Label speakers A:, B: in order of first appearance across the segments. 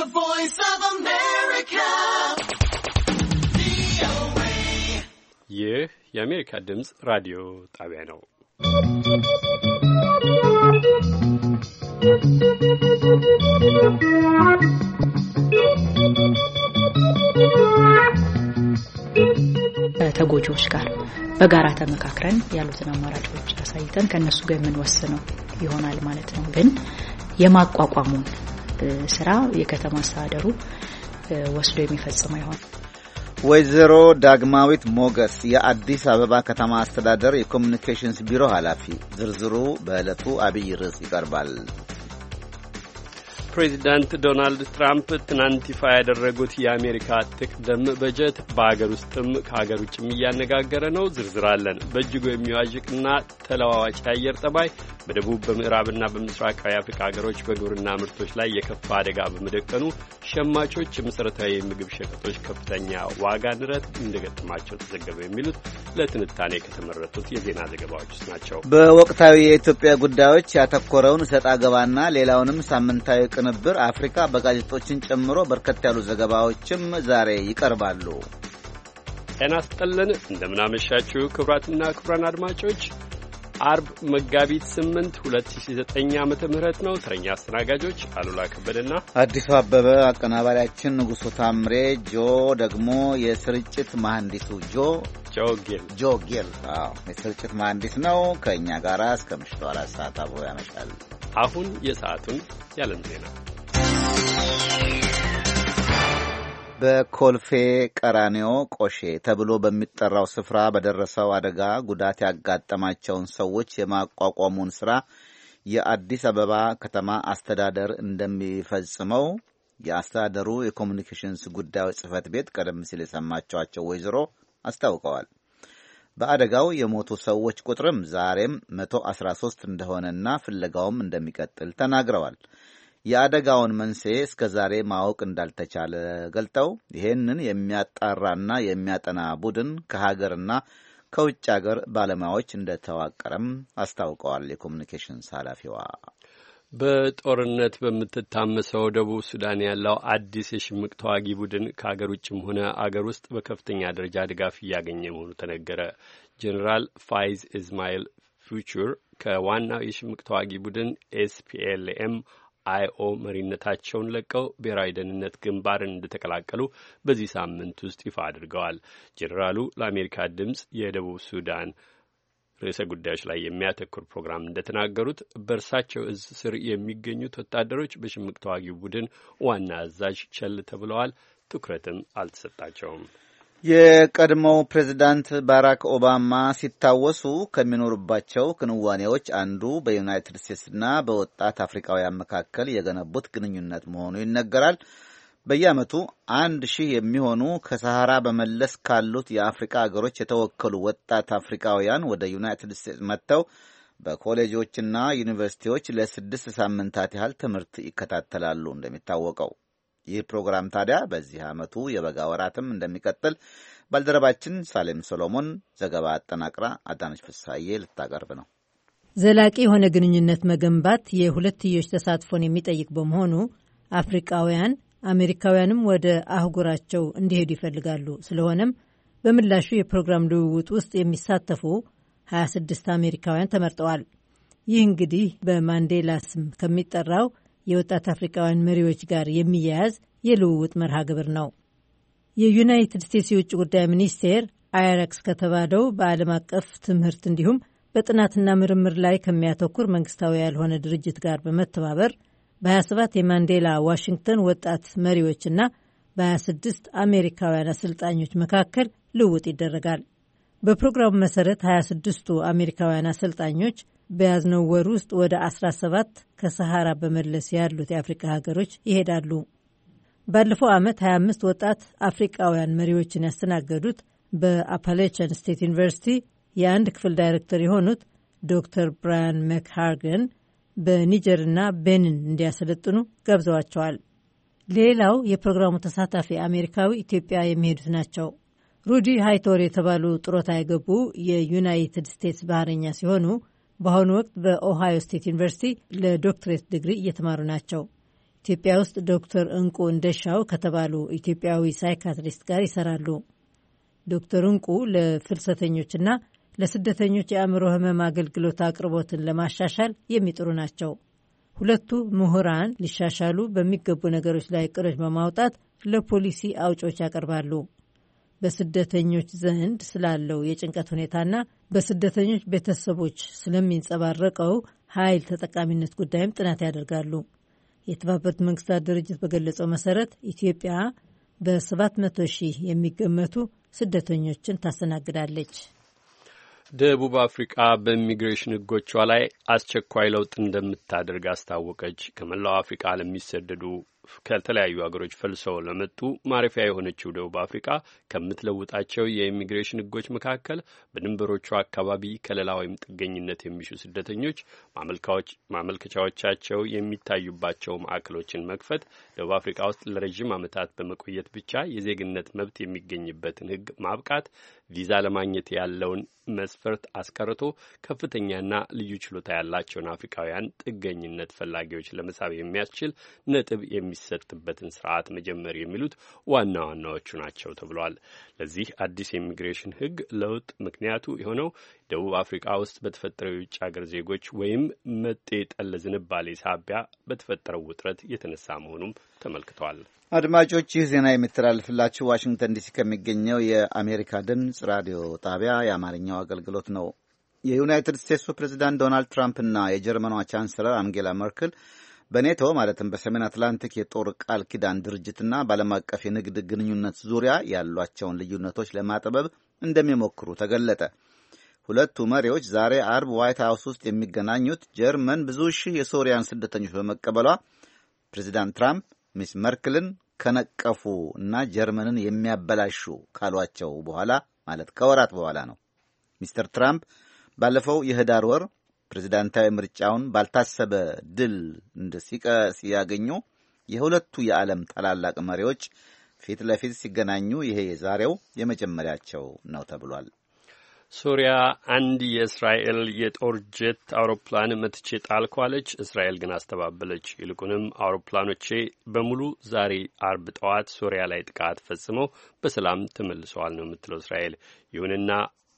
A: The Voice of America.
B: ይህ የአሜሪካ ድምፅ ራዲዮ ጣቢያ ነው።
C: ከተጎጂዎች ጋር በጋራ ተመካክረን ያሉትን አማራጮች አሳይተን ከእነሱ ጋር የምንወስነው ይሆናል ማለት ነው። ግን የማቋቋሙን ስራ የከተማ አስተዳደሩ ወስዶ የሚፈጽመው ይሆን።
D: ወይዘሮ ዳግማዊት ሞገስ የአዲስ አበባ ከተማ አስተዳደር የኮሚኒኬሽንስ ቢሮ ኃላፊ። ዝርዝሩ በዕለቱ አብይ ርዕስ ይቀርባል።
B: ፕሬዚዳንት ዶናልድ ትራምፕ ትናንት ይፋ ያደረጉት የአሜሪካ ጥቅደም በጀት በሀገር ውስጥም ከሀገር ውጭም እያነጋገረ ነው። ዝርዝራለን በእጅጉ የሚዋዥቅና ተለዋዋጭ የአየር ጠባይ በደቡብ በምዕራብና በምስራቃዊ አፍሪካ ሀገሮች በግብርና ምርቶች ላይ የከፋ አደጋ በመደቀኑ ሸማቾች የመሠረታዊ የምግብ ሸቀጦች ከፍተኛ ዋጋ ንረት እንደገጠማቸው ተዘገበ። የሚሉት ለትንታኔ ከተመረጡት የዜና ዘገባዎች ውስጥ ናቸው።
D: በወቅታዊ የኢትዮጵያ ጉዳዮች ያተኮረውን ሰጣ ገባና ሌላውንም ሳምንታዊ ቅን ቅንብር አፍሪካ በጋዜጦችን ጨምሮ በርከት ያሉ ዘገባዎችም ዛሬ ይቀርባሉ።
B: ጤና ይስጥልን እንደምናመሻችሁ ክቡራትና ክቡራን አድማጮች አርብ መጋቢት 8 2009 ዓ ም ነው። ተረኛ አስተናጋጆች አሉላ ከበደና
D: አዲሱ አበበ፣ አቀናባሪያችን ንጉሱ ታምሬ፣ ጆ ደግሞ የስርጭት መሐንዲሱ ጆ ጆጌል ጆጌል የስርጭት መሐንዲስ ነው። ከእኛ ጋር እስከ ምሽቱ
B: አራት ሰዓት አብሮ ያመሻል። አሁን የሰዓቱን ያለም ዜና
D: በኮልፌ ቀራኒዮ ቆሼ ተብሎ በሚጠራው ስፍራ በደረሰው አደጋ ጉዳት ያጋጠማቸውን ሰዎች የማቋቋሙን ስራ የአዲስ አበባ ከተማ አስተዳደር እንደሚፈጽመው የአስተዳደሩ የኮሚኒኬሽንስ ጉዳዮች ጽህፈት ቤት ቀደም ሲል የሰማችኋቸው ወይዘሮ አስታውቀዋል። በአደጋው የሞቱ ሰዎች ቁጥርም ዛሬም 113 እንደሆነና ፍለጋውም እንደሚቀጥል ተናግረዋል። የአደጋውን መንስኤ እስከ ዛሬ ማወቅ እንዳልተቻለ ገልጠው ይህንን የሚያጣራና የሚያጠና ቡድን ከሀገርና ከውጭ ሀገር ባለሙያዎች እንደተዋቀረም አስታውቀዋል። የኮሚኒኬሽንስ ኃላፊዋ
B: በጦርነት በምትታመሰው ደቡብ ሱዳን ያለው አዲስ የሽምቅ ተዋጊ ቡድን ከአገር ውጭም ሆነ አገር ውስጥ በከፍተኛ ደረጃ ድጋፍ እያገኘ መሆኑ ተነገረ። ጀኔራል ፋይዝ ኢዝማኤል ፊቹር ከዋናው የሽምቅ ተዋጊ ቡድን ኤስፒኤልኤም አይኦ መሪነታቸውን ለቀው ብሔራዊ ደህንነት ግንባርን እንደተቀላቀሉ በዚህ ሳምንት ውስጥ ይፋ አድርገዋል። ጄኔራሉ ለአሜሪካ ድምፅ የደቡብ ሱዳን ርዕሰ ጉዳዮች ላይ የሚያተኩር ፕሮግራም እንደተናገሩት በእርሳቸው እዝ ስር የሚገኙት ወታደሮች በሽምቅ ተዋጊ ቡድን ዋና አዛዥ ቸል ተብለዋል። ትኩረትም አልተሰጣቸውም።
D: የቀድሞው ፕሬዚዳንት ባራክ ኦባማ ሲታወሱ ከሚኖሩባቸው ክንዋኔዎች አንዱ በዩናይትድ ስቴትስና በወጣት አፍሪካውያን መካከል የገነቡት ግንኙነት መሆኑ ይነገራል። በየዓመቱ አንድ ሺህ የሚሆኑ ከሰሃራ በመለስ ካሉት የአፍሪካ አገሮች የተወከሉ ወጣት አፍሪካውያን ወደ ዩናይትድ ስቴትስ መጥተው በኮሌጆችና ዩኒቨርሲቲዎች ለስድስት ሳምንታት ያህል ትምህርት ይከታተላሉ እንደሚታወቀው ይህ ፕሮግራም ታዲያ በዚህ ዓመቱ የበጋ ወራትም እንደሚቀጥል ባልደረባችን ሳሌም ሶሎሞን ዘገባ አጠናቅራ አዳነች ፍሳዬ ልታቀርብ ነው።
E: ዘላቂ የሆነ ግንኙነት መገንባት የሁለትዮሽ ተሳትፎን የሚጠይቅ በመሆኑ አፍሪካውያን አሜሪካውያንም ወደ አህጉራቸው እንዲሄዱ ይፈልጋሉ። ስለሆነም በምላሹ የፕሮግራም ልውውጥ ውስጥ የሚሳተፉ 26 አሜሪካውያን ተመርጠዋል። ይህ እንግዲህ በማንዴላ ስም ከሚጠራው የወጣት አፍሪካውያን መሪዎች ጋር የሚያያዝ የልውውጥ መርሃ ግብር ነው። የዩናይትድ ስቴትስ የውጭ ጉዳይ ሚኒስቴር አይረክስ ከተባለው በዓለም አቀፍ ትምህርት እንዲሁም በጥናትና ምርምር ላይ ከሚያተኩር መንግስታዊ ያልሆነ ድርጅት ጋር በመተባበር በ27 የማንዴላ ዋሽንግተን ወጣት መሪዎችና በ26 አሜሪካውያን አሰልጣኞች መካከል ልውውጥ ይደረጋል። በፕሮግራሙ መሰረት 26ቱ አሜሪካውያን አሰልጣኞች በያዝነው ወር ውስጥ ወደ 17 ከሰሃራ በመለስ ያሉት የአፍሪካ ሀገሮች ይሄዳሉ። ባለፈው ዓመት 25 ወጣት አፍሪቃውያን መሪዎችን ያስተናገዱት በአፓሌቸን ስቴት ዩኒቨርሲቲ የአንድ ክፍል ዳይሬክተር የሆኑት ዶክተር ብራያን መክሃርገን በኒጀርና ቤንን እንዲያሰለጥኑ ገብዘዋቸዋል። ሌላው የፕሮግራሙ ተሳታፊ አሜሪካዊ ኢትዮጵያ የሚሄዱት ናቸው። ሩዲ ሃይቶር የተባሉ ጡረታ የገቡ የዩናይትድ ስቴትስ ባህረኛ ሲሆኑ በአሁኑ ወቅት በኦሃዮ ስቴት ዩኒቨርሲቲ ለዶክትሬት ዲግሪ እየተማሩ ናቸው። ኢትዮጵያ ውስጥ ዶክተር እንቁ እንደሻው ከተባሉ ኢትዮጵያዊ ሳይካትሪስት ጋር ይሰራሉ። ዶክተር እንቁ ለፍልሰተኞችና ለስደተኞች የአእምሮ ህመም አገልግሎት አቅርቦትን ለማሻሻል የሚጥሩ ናቸው። ሁለቱ ምሁራን ሊሻሻሉ በሚገቡ ነገሮች ላይ ቅሮች በማውጣት ለፖሊሲ አውጮች ያቀርባሉ። በስደተኞች ዘንድ ስላለው የጭንቀት ሁኔታና በስደተኞች ቤተሰቦች ስለሚንጸባረቀው ኃይል ተጠቃሚነት ጉዳይም ጥናት ያደርጋሉ። የተባበሩት መንግስታት ድርጅት በገለጸው መሰረት ኢትዮጵያ በ700 ሺህ የሚገመቱ ስደተኞችን ታስተናግዳለች።
B: ደቡብ አፍሪቃ በኢሚግሬሽን ሕጎቿ ላይ አስቸኳይ ለውጥ እንደምታደርግ አስታወቀች። ከመላው አፍሪቃ ለሚሰደዱ ከተለያዩ ሀገሮች ፈልሰው ለመጡ ማረፊያ የሆነችው ደቡብ አፍሪካ ከምትለውጣቸው የኢሚግሬሽን ሕጎች መካከል በድንበሮቹ አካባቢ ከለላ ወይም ጥገኝነት የሚሹ ስደተኞች ማመልከቻዎቻቸው የሚታዩባቸው ማዕከሎችን መክፈት፣ ደቡብ አፍሪካ ውስጥ ለረዥም ዓመታት በመቆየት ብቻ የዜግነት መብት የሚገኝበትን ሕግ ማብቃት፣ ቪዛ ለማግኘት ያለውን መስፈርት አስቀርቶ ከፍተኛና ልዩ ችሎታ ያላቸውን አፍሪካውያን ጥገኝነት ፈላጊዎች ለመሳብ የሚያስችል ነጥብ የሚ የሚሰጥበትን ስርዓት መጀመር የሚሉት ዋና ዋናዎቹ ናቸው ተብሏል። ለዚህ አዲስ የኢሚግሬሽን ህግ ለውጥ ምክንያቱ የሆነው ደቡብ አፍሪካ ውስጥ በተፈጠረው የውጭ ሀገር ዜጎች ወይም መጤ ጠል ዝንባሌ ሳቢያ በተፈጠረው ውጥረት የተነሳ መሆኑም ተመልክቷል።
D: አድማጮች፣ ይህ ዜና የሚተላልፍላችሁ ዋሽንግተን ዲሲ ከሚገኘው የአሜሪካ ድምፅ ራዲዮ ጣቢያ የአማርኛው አገልግሎት ነው። የዩናይትድ ስቴትሱ ፕሬዚዳንት ዶናልድ ትራምፕና የጀርመኗ ቻንስለር አንጌላ መርክል በኔቶ ማለትም በሰሜን አትላንቲክ የጦር ቃል ኪዳን ድርጅትና በዓለም አቀፍ የንግድ ግንኙነት ዙሪያ ያሏቸውን ልዩነቶች ለማጥበብ እንደሚሞክሩ ተገለጠ። ሁለቱ መሪዎች ዛሬ አርብ ዋይት ሀውስ ውስጥ የሚገናኙት ጀርመን ብዙ ሺህ የሶሪያን ስደተኞች በመቀበሏ ፕሬዚዳንት ትራምፕ ሚስ መርክልን ከነቀፉ እና ጀርመንን የሚያበላሹ ካሏቸው በኋላ ማለት ከወራት በኋላ ነው። ሚስተር ትራምፕ ባለፈው የህዳር ወር ፕሬዚዳንታዊ ምርጫውን ባልታሰበ ድል እንደ ሲቀ ሲያገኙ የሁለቱ የዓለም ታላላቅ መሪዎች ፊት ለፊት ሲገናኙ ይሄ የዛሬው የመጀመሪያቸው ነው ተብሏል።
B: ሶሪያ አንድ የእስራኤል የጦር ጀት አውሮፕላን መትቼ ጣልኳለች፣ እስራኤል ግን አስተባበለች። ይልቁንም አውሮፕላኖቼ በሙሉ ዛሬ አርብ ጠዋት ሶሪያ ላይ ጥቃት ፈጽመው በሰላም ተመልሰዋል ነው የምትለው እስራኤል። ይሁንና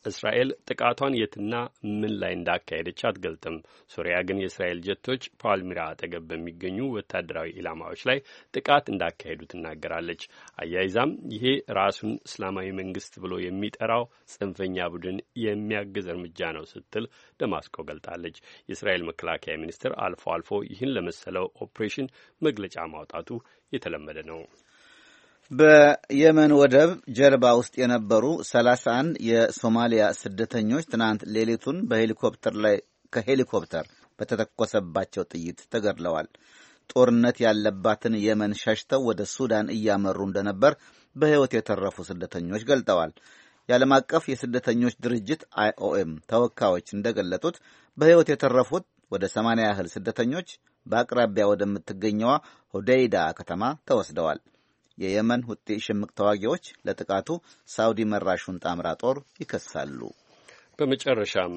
B: እስራኤል ጥቃቷን የትና ምን ላይ እንዳካሄደች አትገልጥም። ሶሪያ ግን የእስራኤል ጀቶች ፓልሚራ አጠገብ በሚገኙ ወታደራዊ ኢላማዎች ላይ ጥቃት እንዳካሄዱ ትናገራለች። አያይዛም ይሄ ራሱን እስላማዊ መንግስት ብሎ የሚጠራው ጽንፈኛ ቡድን የሚያግዝ እርምጃ ነው ስትል ደማስቆ ገልጣለች። የእስራኤል መከላከያ ሚኒስትር አልፎ አልፎ ይህን ለመሰለው ኦፕሬሽን መግለጫ ማውጣቱ የተለመደ ነው።
D: በየመን ወደብ ጀልባ ውስጥ የነበሩ 31 የሶማሊያ ስደተኞች ትናንት ሌሊቱን በሄሊኮፕተር ላይ ከሄሊኮፕተር በተተኮሰባቸው ጥይት ተገድለዋል። ጦርነት ያለባትን የመን ሸሽተው ወደ ሱዳን እያመሩ እንደነበር በሕይወት የተረፉ ስደተኞች ገልጠዋል። የዓለም አቀፍ የስደተኞች ድርጅት አይኦኤም ተወካዮች እንደገለጡት በሕይወት የተረፉት ወደ 80 ያህል ስደተኞች በአቅራቢያ ወደምትገኘዋ ሆዴይዳ ከተማ ተወስደዋል። የየመን ሁጤ ሽምቅ ተዋጊዎች ለጥቃቱ ሳውዲ መራሹን ጣምራ ጦር ይከሳሉ።
B: በመጨረሻም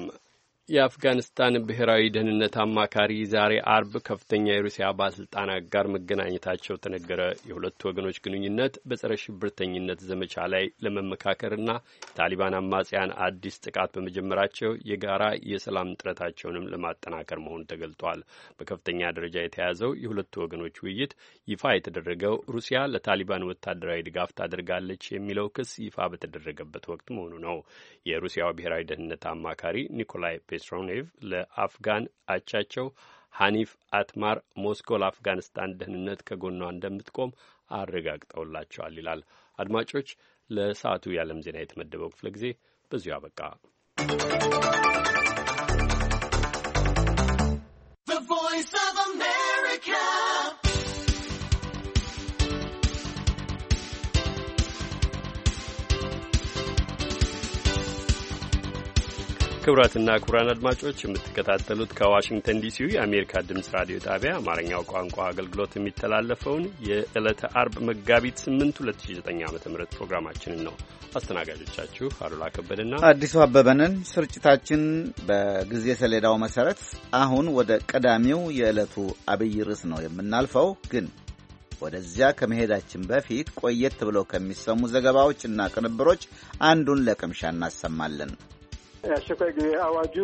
B: የአፍጋኒስታን ብሔራዊ ደህንነት አማካሪ ዛሬ አርብ ከፍተኛ የሩሲያ ባለስልጣናት ጋር መገናኘታቸው ተነገረ። የሁለቱ ወገኖች ግንኙነት በጸረ ሽብርተኝነት ዘመቻ ላይ ለመመካከርና የታሊባን አማጽያን አዲስ ጥቃት በመጀመራቸው የጋራ የሰላም ጥረታቸውንም ለማጠናከር መሆኑ ተገልጧል። በከፍተኛ ደረጃ የተያዘው የሁለቱ ወገኖች ውይይት ይፋ የተደረገው ሩሲያ ለታሊባን ወታደራዊ ድጋፍ ታደርጋለች የሚለው ክስ ይፋ በተደረገበት ወቅት መሆኑ ነው። የሩሲያው ብሔራዊ ደህንነት አማካሪ ኒኮላይ ፔትሮኔቭ ለአፍጋን አቻቸው ሐኒፍ አትማር ሞስኮ ለአፍጋኒስታን ደህንነት ከጎኗ እንደምትቆም አረጋግጠውላቸዋል ይላል። አድማጮች፣ ለሰዓቱ የዓለም ዜና የተመደበው ክፍለ ጊዜ በዚሁ አበቃ። ክቡራትና ክቡራን አድማጮች የምትከታተሉት ከዋሽንግተን ዲሲው የአሜሪካ ድምፅ ራዲዮ ጣቢያ አማርኛው ቋንቋ አገልግሎት የሚተላለፈውን የዕለተ አርብ መጋቢት 8 2009 ዓ ም ፕሮግራማችንን ነው። አስተናጋጆቻችሁ አሉላ ከበደና አዲሱ
D: አበበንን። ስርጭታችን በጊዜ ሰሌዳው መሰረት አሁን ወደ ቀዳሚው የዕለቱ አብይ ርዕስ ነው የምናልፈው። ግን ወደዚያ ከመሄዳችን በፊት ቆየት ብለው ከሚሰሙ ዘገባዎችና ቅንብሮች አንዱን ለቅምሻ እናሰማለን።
F: የአስቸኳይ ጊዜ አዋጁ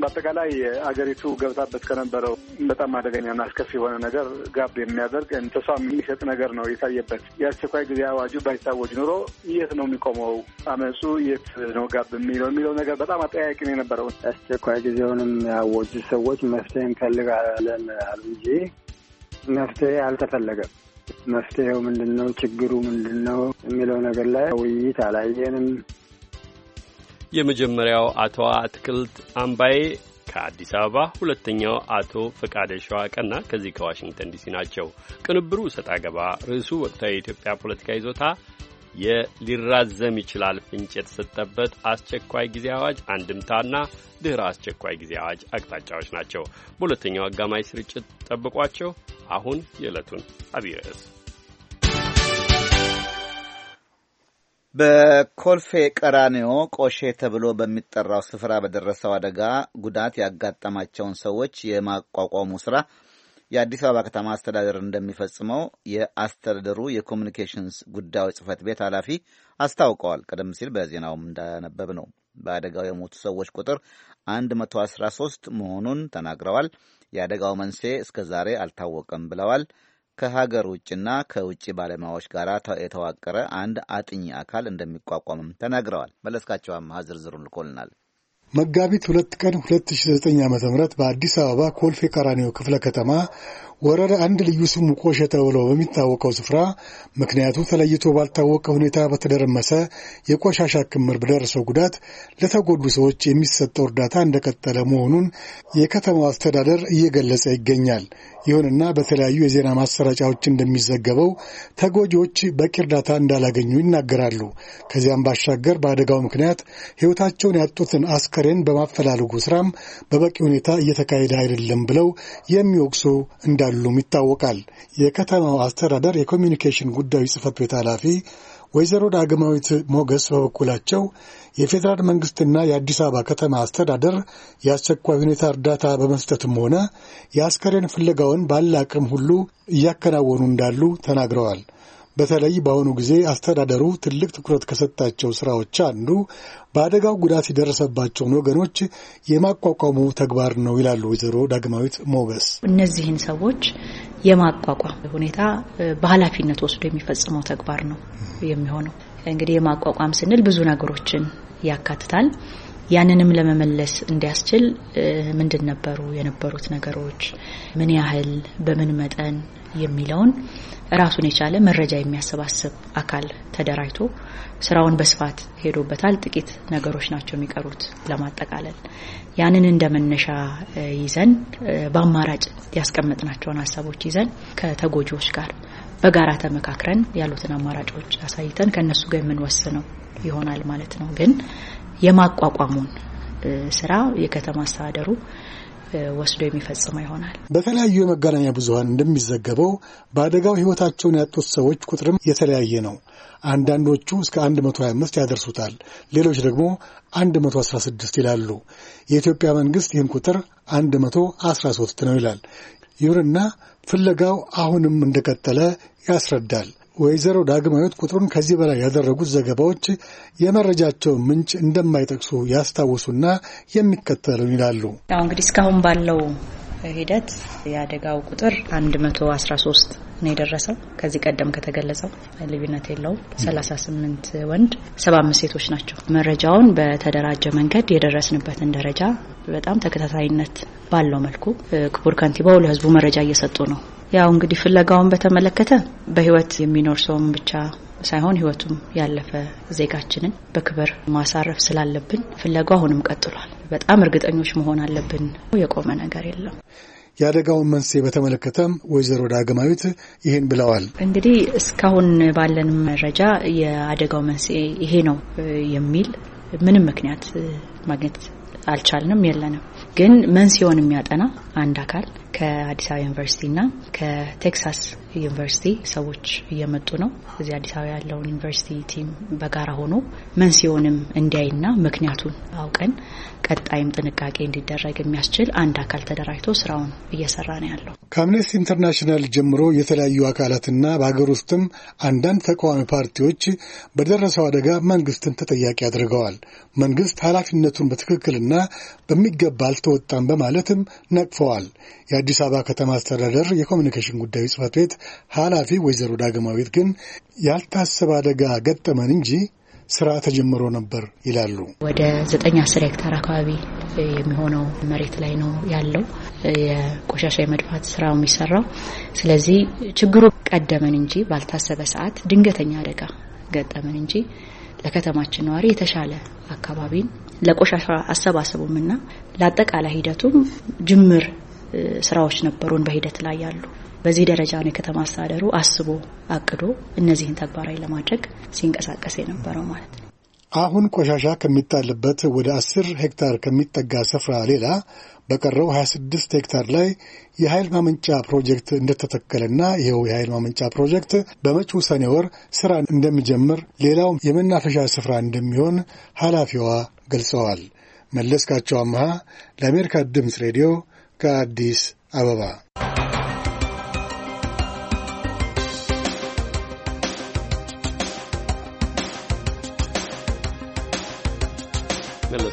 F: በአጠቃላይ አገሪቱ ገብታበት ከነበረው በጣም አደገኛና አስከፊ የሆነ ነገር ጋብ የሚያደርግ ተስፋ የሚሰጥ ነገር ነው የታየበት። የአስቸኳይ ጊዜ አዋጁ ባይታወጅ ኑሮ የት ነው የሚቆመው አመፁ? የት ነው ጋብ የሚለው የሚለው ነገር በጣም አጠያቂ ነው የነበረው።
G: የአስቸኳይ ጊዜውንም ያወጁ ሰዎች መፍትሄ እንፈልጋለን አሉ እንጂ መፍትሄ አልተፈለገም። መፍትሄው ምንድን ነው? ችግሩ ምንድን ነው? የሚለው ነገር ላይ ውይይት አላየንም።
B: የመጀመሪያው አቶ አትክልት አምባዬ ከአዲስ አበባ፣ ሁለተኛው አቶ ፈቃደ ሸዋቀና ከዚህ ከዋሽንግተን ዲሲ ናቸው። ቅንብሩ እሰጥ አገባ፣ ርዕሱ ወቅታዊ የኢትዮጵያ ፖለቲካ ይዞታ የሊራዘም ይችላል ፍንጭ የተሰጠበት አስቸኳይ ጊዜ አዋጅ አንድምታና ድኅረ አስቸኳይ ጊዜ አዋጅ አቅጣጫዎች ናቸው። በሁለተኛው አጋማሽ ስርጭት ጠብቋቸው። አሁን የዕለቱን አብይ ርዕስ
D: በኮልፌ ቀራኔዮ ቆሼ ተብሎ በሚጠራው ስፍራ በደረሰው አደጋ ጉዳት ያጋጠማቸውን ሰዎች የማቋቋሙ ስራ የአዲስ አበባ ከተማ አስተዳደር እንደሚፈጽመው የአስተዳደሩ የኮሚኒኬሽንስ ጉዳዮች ጽህፈት ቤት ኃላፊ አስታውቀዋል። ቀደም ሲል በዜናውም እንዳነበብ ነው። በአደጋው የሞቱ ሰዎች ቁጥር 113 መሆኑን ተናግረዋል። የአደጋው መንስኤ እስከ ዛሬ አልታወቀም ብለዋል። ከሀገር ውጭና ከውጭ ባለሙያዎች ጋር የተዋቀረ አንድ አጥኚ አካል እንደሚቋቋምም ተናግረዋል። መለስካቸው አማሃ ዝርዝሩን ልኮልናል።
H: መጋቢት ሁለት ቀን 2009 ዓ ም በአዲስ አበባ ኮልፌ ቀራኒዮ ክፍለ ከተማ ወረዳ አንድ ልዩ ስሙ ቆሸ ተብሎ በሚታወቀው ስፍራ ምክንያቱ ተለይቶ ባልታወቀ ሁኔታ በተደረመሰ የቆሻሻ ክምር በደረሰው ጉዳት ለተጎዱ ሰዎች የሚሰጠው እርዳታ እንደቀጠለ መሆኑን የከተማው አስተዳደር እየገለጸ ይገኛል። ይሁንና በተለያዩ የዜና ማሰራጫዎች እንደሚዘገበው ተጎጂዎች በቂ እርዳታ እንዳላገኙ ይናገራሉ። ከዚያም ባሻገር በአደጋው ምክንያት ሕይወታቸውን ያጡትን አስከ አስከሬን በማፈላለጉ ስራም በበቂ ሁኔታ እየተካሄደ አይደለም ብለው የሚወቅሱ እንዳሉም ይታወቃል። የከተማው አስተዳደር የኮሚኒኬሽን ጉዳዮች ጽህፈት ቤት ኃላፊ ወይዘሮ ዳግማዊት ሞገስ በበኩላቸው የፌዴራል መንግስትና የአዲስ አበባ ከተማ አስተዳደር የአስቸኳይ ሁኔታ እርዳታ በመስጠትም ሆነ የአስከሬን ፍለጋውን ባለ አቅም ሁሉ እያከናወኑ እንዳሉ ተናግረዋል። በተለይ በአሁኑ ጊዜ አስተዳደሩ ትልቅ ትኩረት ከሰጣቸው ስራዎች አንዱ በአደጋው ጉዳት የደረሰባቸውን ወገኖች የማቋቋሙ ተግባር ነው ይላሉ ወይዘሮ ዳግማዊት ሞገስ።
C: እነዚህን ሰዎች የማቋቋም ሁኔታ በኃላፊነት ወስዶ የሚፈጽመው ተግባር ነው የሚሆነው። እንግዲህ የማቋቋም ስንል ብዙ ነገሮችን ያካትታል። ያንንም ለመመለስ እንዲያስችል ምንድን ነበሩ የነበሩት ነገሮች፣ ምን ያህል፣ በምን መጠን የሚለውን ራሱን የቻለ መረጃ የሚያሰባስብ አካል ተደራጅቶ ስራውን በስፋት ሄዶበታል። ጥቂት ነገሮች ናቸው የሚቀሩት ለማጠቃለል። ያንን እንደ መነሻ ይዘን በአማራጭ ያስቀመጥናቸውን ሀሳቦች ይዘን ከተጎጂዎች ጋር በጋራ ተመካክረን ያሉትን አማራጮች አሳይተን ከእነሱ ጋር የምንወስነው ይሆናል ማለት ነው። ግን የማቋቋሙን ስራ የከተማ አስተዳደሩ ወስዶ የሚፈጽመው ይሆናል።
H: በተለያዩ የመገናኛ ብዙኃን እንደሚዘገበው በአደጋው ሕይወታቸውን ያጡት ሰዎች ቁጥርም የተለያየ ነው። አንዳንዶቹ እስከ 125 ያደርሱታል፣ ሌሎች ደግሞ 116 ይላሉ። የኢትዮጵያ መንግሥት ይህን ቁጥር 113 ነው ይላል። ይሁንና ፍለጋው አሁንም እንደቀጠለ ያስረዳል። ወይዘሮ ዳግማዊት ቁጥሩን ከዚህ በላይ ያደረጉት ዘገባዎች የመረጃቸውን ምንጭ እንደማይጠቅሱ ያስታውሱና የሚከተሉን ይላሉ።
C: ያው እንግዲህ እስካሁን ባለው ሂደት የአደጋው ቁጥር 113 ነው የደረሰው። ከዚህ ቀደም ከተገለጸው ልዩነት የለውም። 38 ወንድ፣ 75 ሴቶች ናቸው። መረጃውን በተደራጀ መንገድ የደረስንበትን ደረጃ በጣም ተከታታይነት ባለው መልኩ ክቡር ከንቲባው ለህዝቡ መረጃ እየሰጡ ነው። ያው እንግዲህ ፍለጋውን በተመለከተ በህይወት የሚኖር ሰውም ብቻ ሳይሆን ህይወቱም ያለፈ ዜጋችንን በክብር ማሳረፍ ስላለብን ፍለጋው አሁንም ቀጥሏል። በጣም እርግጠኞች መሆን አለብን። የቆመ ነገር የለም።
H: የአደጋውን መንስኤ በተመለከተም ወይዘሮ ዳግማዊት ይህን ብለዋል።
C: እንግዲህ እስካሁን ባለን መረጃ የአደጋው መንስኤ ይሄ ነው የሚል ምንም ምክንያት ማግኘት አልቻልንም፣ የለንም። ግን መንስኤውን የሚያጠና አንድ አካል ከአዲስ አበባ ዩኒቨርሲቲና ከቴክሳስ ዩኒቨርሲቲ ሰዎች እየመጡ ነው። እዚህ አዲስ አበባ ያለውን ዩኒቨርሲቲ ቲም በጋራ ሆኖ መንስኤውንም እንዲያይና ምክንያቱን አውቀን ቀጣይም ጥንቃቄ እንዲደረግ የሚያስችል አንድ አካል ተደራጅቶ ስራውን እየሰራ ነው ያለው።
H: ከአምነስቲ ኢንተርናሽናል ጀምሮ የተለያዩ አካላትና በሀገር ውስጥም አንዳንድ ተቃዋሚ ፓርቲዎች በደረሰው አደጋ መንግስትን ተጠያቂ አድርገዋል። መንግስት ኃላፊነቱን በትክክልና በሚገባ አልተወጣም በማለትም ነቅፈዋል። የአዲስ አበባ ከተማ አስተዳደር የኮሚኒኬሽን ጉዳዮች ጽህፈት ቤት ኃላፊ ወይዘሮ ዳግማዊት ግን ያልታሰበ አደጋ ገጠመን እንጂ ስራ ተጀምሮ ነበር ይላሉ።
C: ወደ ዘጠኝ አስር ሄክታር አካባቢ የሚሆነው መሬት ላይ ነው ያለው የቆሻሻ የመድፋት ስራው የሚሰራው። ስለዚህ ችግሩ ቀደመን እንጂ ባልታሰበ ሰዓት ድንገተኛ አደጋ ገጠመን እንጂ ለከተማችን ነዋሪ የተሻለ አካባቢን ለቆሻሻ አሰባሰቡምና ለአጠቃላይ ሂደቱም ጅምር ስራዎች ነበሩን በሂደት ላይ ያሉ በዚህ ደረጃ ነው የከተማ አስተዳደሩ አስቦ አቅዶ እነዚህን ተግባራዊ ለማድረግ ሲንቀሳቀስ የነበረው ማለት ነው። አሁን
H: ቆሻሻ ከሚጣልበት ወደ 10 ሄክታር ከሚጠጋ ስፍራ ሌላ በቀረው 26 ሄክታር ላይ የኃይል ማመንጫ ፕሮጀክት እንደተተከለና ይኸው የኃይል ማመንጫ ፕሮጀክት በመጪው ሰኔ ወር ስራ እንደሚጀምር፣ ሌላው የመናፈሻ ስፍራ እንደሚሆን ኃላፊዋ ገልጸዋል። መለስካቸው አምሃ ለአሜሪካ ድምፅ ሬዲዮ ከአዲስ አበባ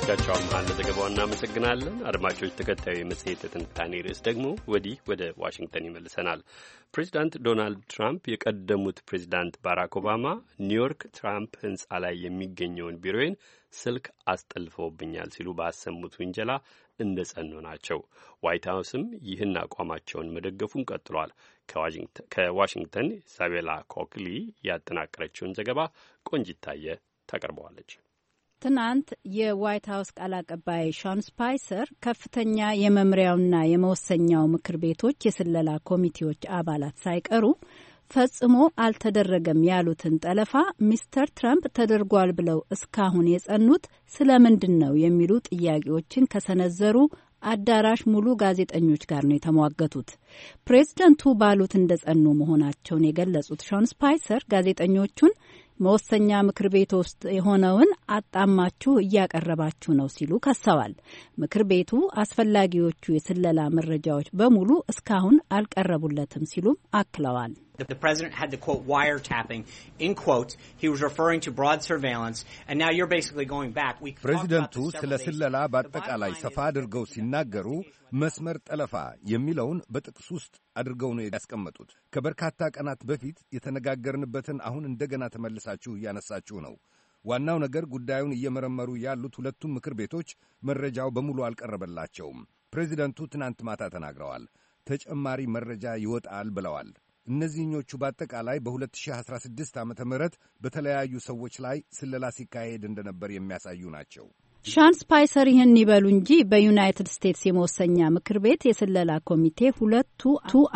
B: መለስካቸው አምሃ ለዘገባው እናመሰግናለን። አድማጮች፣ ተከታዩ የመጽሔት ትንታኔ ርዕስ ደግሞ ወዲህ ወደ ዋሽንግተን ይመልሰናል። ፕሬዚዳንት ዶናልድ ትራምፕ የቀደሙት ፕሬዚዳንት ባራክ ኦባማ ኒውዮርክ ትራምፕ ሕንፃ ላይ የሚገኘውን ቢሮዬን ስልክ አስጠልፈውብኛል ሲሉ ባሰሙት ውንጀላ እንደ ጸኑ ናቸው። ዋይት ሀውስም ይህን አቋማቸውን መደገፉን ቀጥሏል። ከዋሽንግተን ኢዛቤላ ኮክሊ ያጠናቀረችውን ዘገባ ቆንጅታየ ተቀርበዋለች። ታቀርበዋለች።
I: ትናንት የዋይት ሀውስ ቃል አቀባይ ሾን ስፓይሰር ከፍተኛ የመምሪያውና የመወሰኛው ምክር ቤቶች የስለላ ኮሚቴዎች አባላት ሳይቀሩ ፈጽሞ አልተደረገም ያሉትን ጠለፋ ሚስተር ትራምፕ ተደርጓል ብለው እስካሁን የጸኑት ስለምንድን ነው የሚሉ ጥያቄዎችን ከሰነዘሩ አዳራሽ ሙሉ ጋዜጠኞች ጋር ነው የተሟገቱት። ፕሬዝደንቱ ባሉት ጸኑ መሆናቸውን የገለጹት ሾን ስፓይሰር ጋዜጠኞቹን መወሰኛ ምክር ቤት ውስጥ የሆነውን አጣማችሁ እያቀረባችሁ ነው ሲሉ ከሰዋል። ምክር ቤቱ አስፈላጊዎቹ የስለላ መረጃዎች በሙሉ እስካሁን አልቀረቡለትም ሲሉም አክለዋል።
A: the president had the quote wiretapping in quotes. He was referring to broad surveillance, and now you're basically going back. We ፕሬዚደንቱ ስለ ስለላ
J: በአጠቃላይ ሰፋ አድርገው ሲናገሩ መስመር ጠለፋ የሚለውን በጥቅስ ውስጥ አድርገው ነው ያስቀመጡት። ከበርካታ ቀናት በፊት የተነጋገርንበትን አሁን እንደገና ተመልሳችሁ እያነሳችሁ ነው። ዋናው ነገር ጉዳዩን እየመረመሩ ያሉት ሁለቱም ምክር ቤቶች መረጃው በሙሉ አልቀረበላቸውም። ፕሬዚደንቱ ትናንት ማታ ተናግረዋል። ተጨማሪ መረጃ ይወጣል ብለዋል። እነዚህኞቹ በአጠቃላይ በ2016 ዓ ም በተለያዩ ሰዎች ላይ ስለላ ሲካሄድ እንደነበር የሚያሳዩ ናቸው።
I: ሻን ስፓይሰር ይህን ይበሉ እንጂ በዩናይትድ ስቴትስ የመወሰኛ ምክር ቤት የስለላ ኮሚቴ ሁለቱ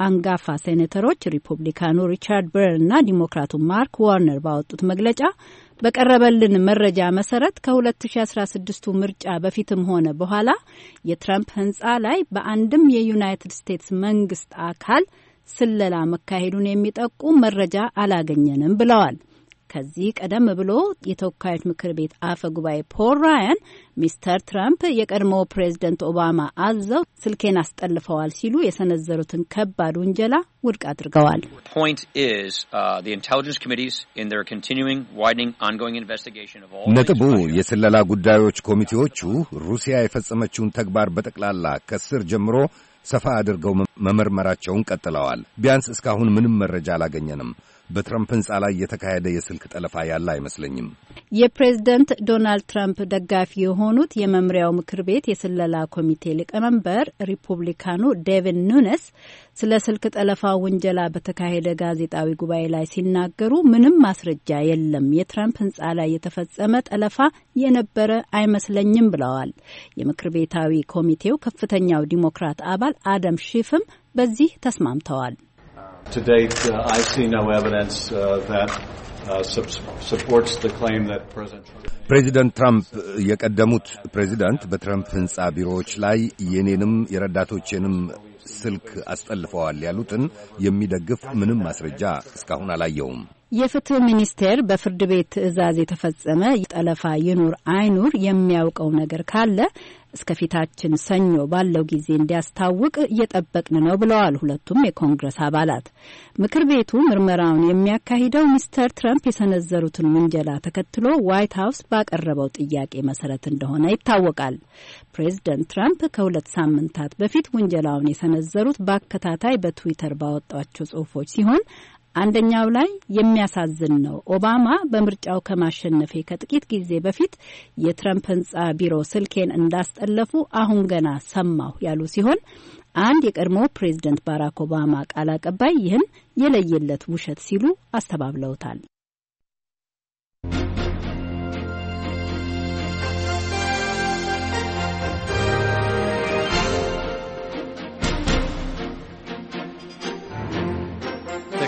I: አንጋፋ ሴኔተሮች ሪፑብሊካኑ ሪቻርድ ብረር እና ዲሞክራቱ ማርክ ዋርነር ባወጡት መግለጫ በቀረበልን መረጃ መሰረት ከ2016ቱ ምርጫ በፊትም ሆነ በኋላ የትራምፕ ህንፃ ላይ በአንድም የዩናይትድ ስቴትስ መንግስት አካል ስለላ መካሄዱን የሚጠቁም መረጃ አላገኘንም ብለዋል። ከዚህ ቀደም ብሎ የተወካዮች ምክር ቤት አፈ ጉባኤ ፖል ራያን ሚስተር ትራምፕ የቀድሞ ፕሬዝደንት ኦባማ አዘው ስልኬን አስጠልፈዋል ሲሉ የሰነዘሩትን ከባድ ውንጀላ ውድቅ አድርገዋል።
B: uh, ነጥቡ
J: የስለላ ጉዳዮች ኮሚቴዎቹ ሩሲያ የፈጸመችውን ተግባር በጠቅላላ ከስር ጀምሮ ሰፋ አድርገው መመርመራቸውን ቀጥለዋል። ቢያንስ እስካሁን ምንም መረጃ አላገኘንም። በትራምፕ ህንፃ ላይ የተካሄደ የስልክ ጠለፋ ያለ አይመስለኝም።
I: የፕሬዝደንት ዶናልድ ትራምፕ ደጋፊ የሆኑት የመምሪያው ምክር ቤት የስለላ ኮሚቴ ሊቀመንበር ሪፑብሊካኑ ዴቪን ኑነስ ስለ ስልክ ጠለፋ ውንጀላ በተካሄደ ጋዜጣዊ ጉባኤ ላይ ሲናገሩ ምንም ማስረጃ የለም፣ የትራምፕ ህንፃ ላይ የተፈጸመ ጠለፋ የነበረ አይመስለኝም ብለዋል። የምክር ቤታዊ ኮሚቴው ከፍተኛው ዲሞክራት አባል አደም ሺፍም በዚህ ተስማምተዋል።
J: ፕሬዚደንት ትራምፕ uh, uh, uh, የቀደሙት ፕሬዚደንት በትራምፕ ሕንፃ ቢሮዎች ላይ የኔንም የረዳቶቼንም ስልክ አስጠልፈዋል ያሉትን የሚደግፍ ምንም ማስረጃ እስካሁን አላየውም።
I: የፍትህ ሚኒስቴር በፍርድ ቤት ትዕዛዝ የተፈጸመ ጠለፋ ይኑር አይኑር የሚያውቀው ነገር ካለ እስከፊታችን ሰኞ ባለው ጊዜ እንዲያስታውቅ እየጠበቅን ነው ብለዋል ሁለቱም የኮንግረስ አባላት። ምክር ቤቱ ምርመራውን የሚያካሂደው ሚስተር ትራምፕ የሰነዘሩትን ውንጀላ ተከትሎ ዋይት ሀውስ ባቀረበው ጥያቄ መሰረት እንደሆነ ይታወቃል። ፕሬዚደንት ትራምፕ ከሁለት ሳምንታት በፊት ውንጀላውን የሰነዘሩት በአከታታይ በትዊተር ባወጧቸው ጽሁፎች ሲሆን አንደኛው ላይ የሚያሳዝን ነው። ኦባማ በምርጫው ከማሸነፌ ከጥቂት ጊዜ በፊት የትረምፕ ህንፃ ቢሮ ስልኬን እንዳስጠለፉ አሁን ገና ሰማሁ ያሉ ሲሆን አንድ የቀድሞ ፕሬዝደንት ባራክ ኦባማ ቃል አቀባይ ይህን የለየለት ውሸት ሲሉ አስተባብለውታል።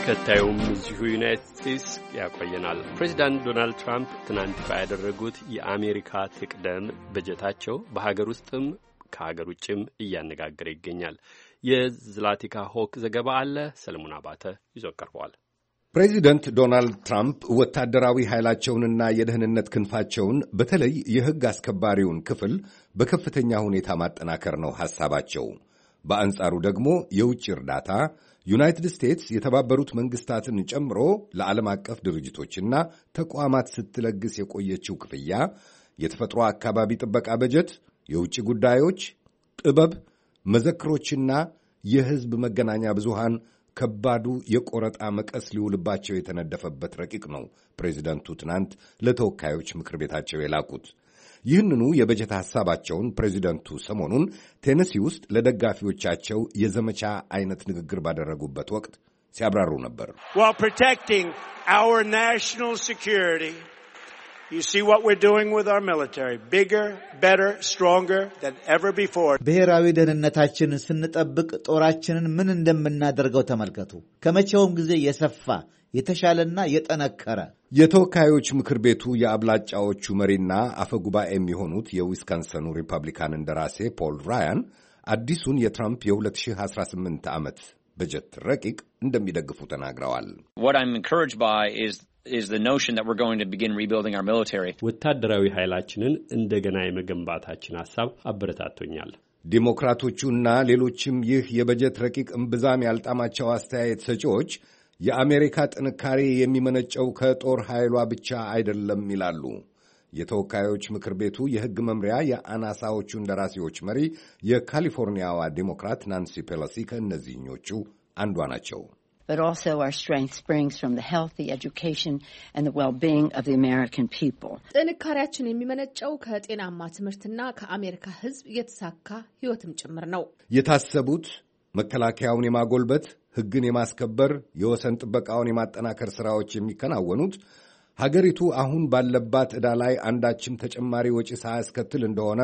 B: ተከታዩም እዚሁ ዩናይትድ ስቴትስ ያቆየናል። ፕሬዚዳንት ዶናልድ ትራምፕ ትናንት ይፋ ያደረጉት የአሜሪካ ትቅደም በጀታቸው በሀገር ውስጥም ከሀገር ውጭም እያነጋገረ ይገኛል። የዝላቲካ ሆክ ዘገባ አለ። ሰለሞን አባተ ይዞ ቀርበዋል።
J: ፕሬዚደንት ዶናልድ ትራምፕ ወታደራዊ ኃይላቸውንና የደህንነት ክንፋቸውን በተለይ የሕግ አስከባሪውን ክፍል በከፍተኛ ሁኔታ ማጠናከር ነው ሐሳባቸው። በአንጻሩ ደግሞ የውጭ እርዳታ ዩናይትድ ስቴትስ የተባበሩት መንግስታትን ጨምሮ ለዓለም አቀፍ ድርጅቶችና ተቋማት ስትለግስ የቆየችው ክፍያ፣ የተፈጥሮ አካባቢ ጥበቃ በጀት፣ የውጭ ጉዳዮች፣ ጥበብ፣ መዘክሮችና የህዝብ መገናኛ ብዙሃን ከባዱ የቆረጣ መቀስ ሊውልባቸው የተነደፈበት ረቂቅ ነው ፕሬዚደንቱ ትናንት ለተወካዮች ምክር ቤታቸው የላኩት። ይህንኑ የበጀት ሐሳባቸውን ፕሬዚደንቱ ሰሞኑን ቴነሲ ውስጥ ለደጋፊዎቻቸው የዘመቻ አይነት ንግግር ባደረጉበት ወቅት ሲያብራሩ ነበር።
D: ብሔራዊ ደህንነታችንን ስንጠብቅ ጦራችንን ምን እንደምናደርገው ተመልከቱ። ከመቼውም ጊዜ የሰፋ የተሻለና የጠነከረ
J: የተወካዮች ምክር ቤቱ የአብላጫዎቹ መሪና አፈ ጉባኤ የሚሆኑት የዊስካንሰኑ ሪፐብሊካን እንደራሴ ፖል ራያን አዲሱን የትራምፕ የ2018 ዓመት በጀት ረቂቅ እንደሚደግፉ ተናግረዋል።
B: ወታደራዊ ኃይላችንን እንደገና የመገንባታችን ሐሳብ አበረታቶኛል።
J: ዲሞክራቶቹና ሌሎችም ይህ የበጀት ረቂቅ እምብዛም ያልጣማቸው አስተያየት ሰጪዎች የአሜሪካ ጥንካሬ የሚመነጨው ከጦር ኃይሏ ብቻ አይደለም ይላሉ የተወካዮች ምክር ቤቱ የሕግ መምሪያ የአናሳዎቹ እንደራሴዎች መሪ የካሊፎርኒያዋ ዴሞክራት ናንሲ ፔሎሲ ከእነዚህኞቹ አንዷ ናቸው።
I: ጥንካሬያችን የሚመነጨው ከጤናማ ትምህርትና ከአሜሪካ ሕዝብ የተሳካ ሕይወትም ጭምር ነው።
E: የታሰቡት
J: መከላከያውን የማጎልበት፣ ሕግን የማስከበር፣ የወሰን ጥበቃውን የማጠናከር ሥራዎች የሚከናወኑት ሀገሪቱ አሁን ባለባት ዕዳ ላይ አንዳችም ተጨማሪ ወጪ ሳያስከትል እንደሆነ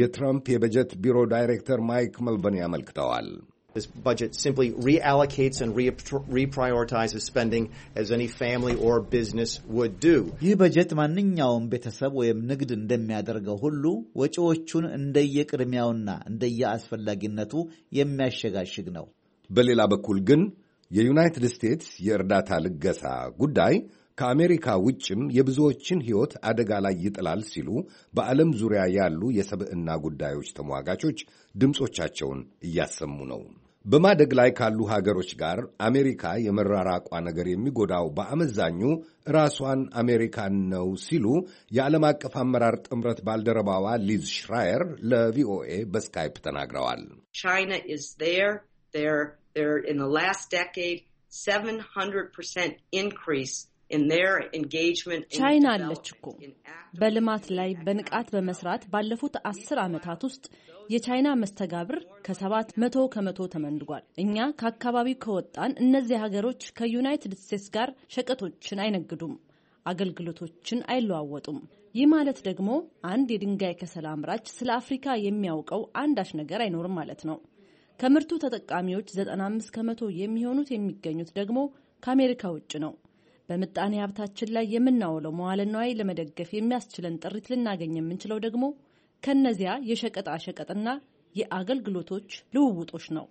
J: የትራምፕ የበጀት ቢሮ ዳይሬክተር ማይክ መልበን ያመልክተዋል። This budget simply reallocates and reprioritizes spending as
D: any family or business would do. ይህ በጀት ማንኛውም ቤተሰብ ወይም ንግድ እንደሚያደርገው ሁሉ ወጪዎቹን እንደየቅድሚያውና እንደየአስፈላጊነቱ
J: የሚያሸጋሽግ ነው። በሌላ በኩል ግን የዩናይትድ ስቴትስ የእርዳታ ልገሳ ጉዳይ ከአሜሪካ ውጭም የብዙዎችን ሕይወት አደጋ ላይ ይጥላል ሲሉ በዓለም ዙሪያ ያሉ የሰብዕና ጉዳዮች ተሟጋቾች ድምፆቻቸውን እያሰሙ ነው። በማደግ ላይ ካሉ ሀገሮች ጋር አሜሪካ የመራራቋ ነገር የሚጎዳው በአመዛኙ ራሷን አሜሪካን ነው ሲሉ የዓለም አቀፍ አመራር ጥምረት ባልደረባዋ ሊዝ ሽራየር ለቪኦኤ በስካይፕ ተናግረዋል።
K: ቻይና 700% increase ቻይና አለች እኮ
I: በልማት ላይ በንቃት በመስራት ባለፉት አስር ዓመታት ውስጥ የቻይና መስተጋብር ከሰባት መቶ ከመቶ ተመንድጓል። እኛ ከአካባቢው ከወጣን እነዚህ ሀገሮች ከዩናይትድ ስቴትስ ጋር ሸቀጦችን አይነግዱም፣ አገልግሎቶችን አይለዋወጡም። ይህ ማለት ደግሞ አንድ የድንጋይ ከሰል አምራች ስለ አፍሪካ የሚያውቀው አንዳች ነገር አይኖርም ማለት ነው። ከምርቱ ተጠቃሚዎች 95 ከመቶ የሚሆኑት የሚገኙት ደግሞ ከአሜሪካ ውጭ ነው። በምጣኔ ሀብታችን ላይ የምናውለው መዋለ ንዋይ ለመደገፍ የሚያስችለን ጥሪት ልናገኝ የምንችለው ደግሞ ከነዚያ የሸቀጣ ሸቀጥና የአገልግሎቶች ልውውጦች ነው።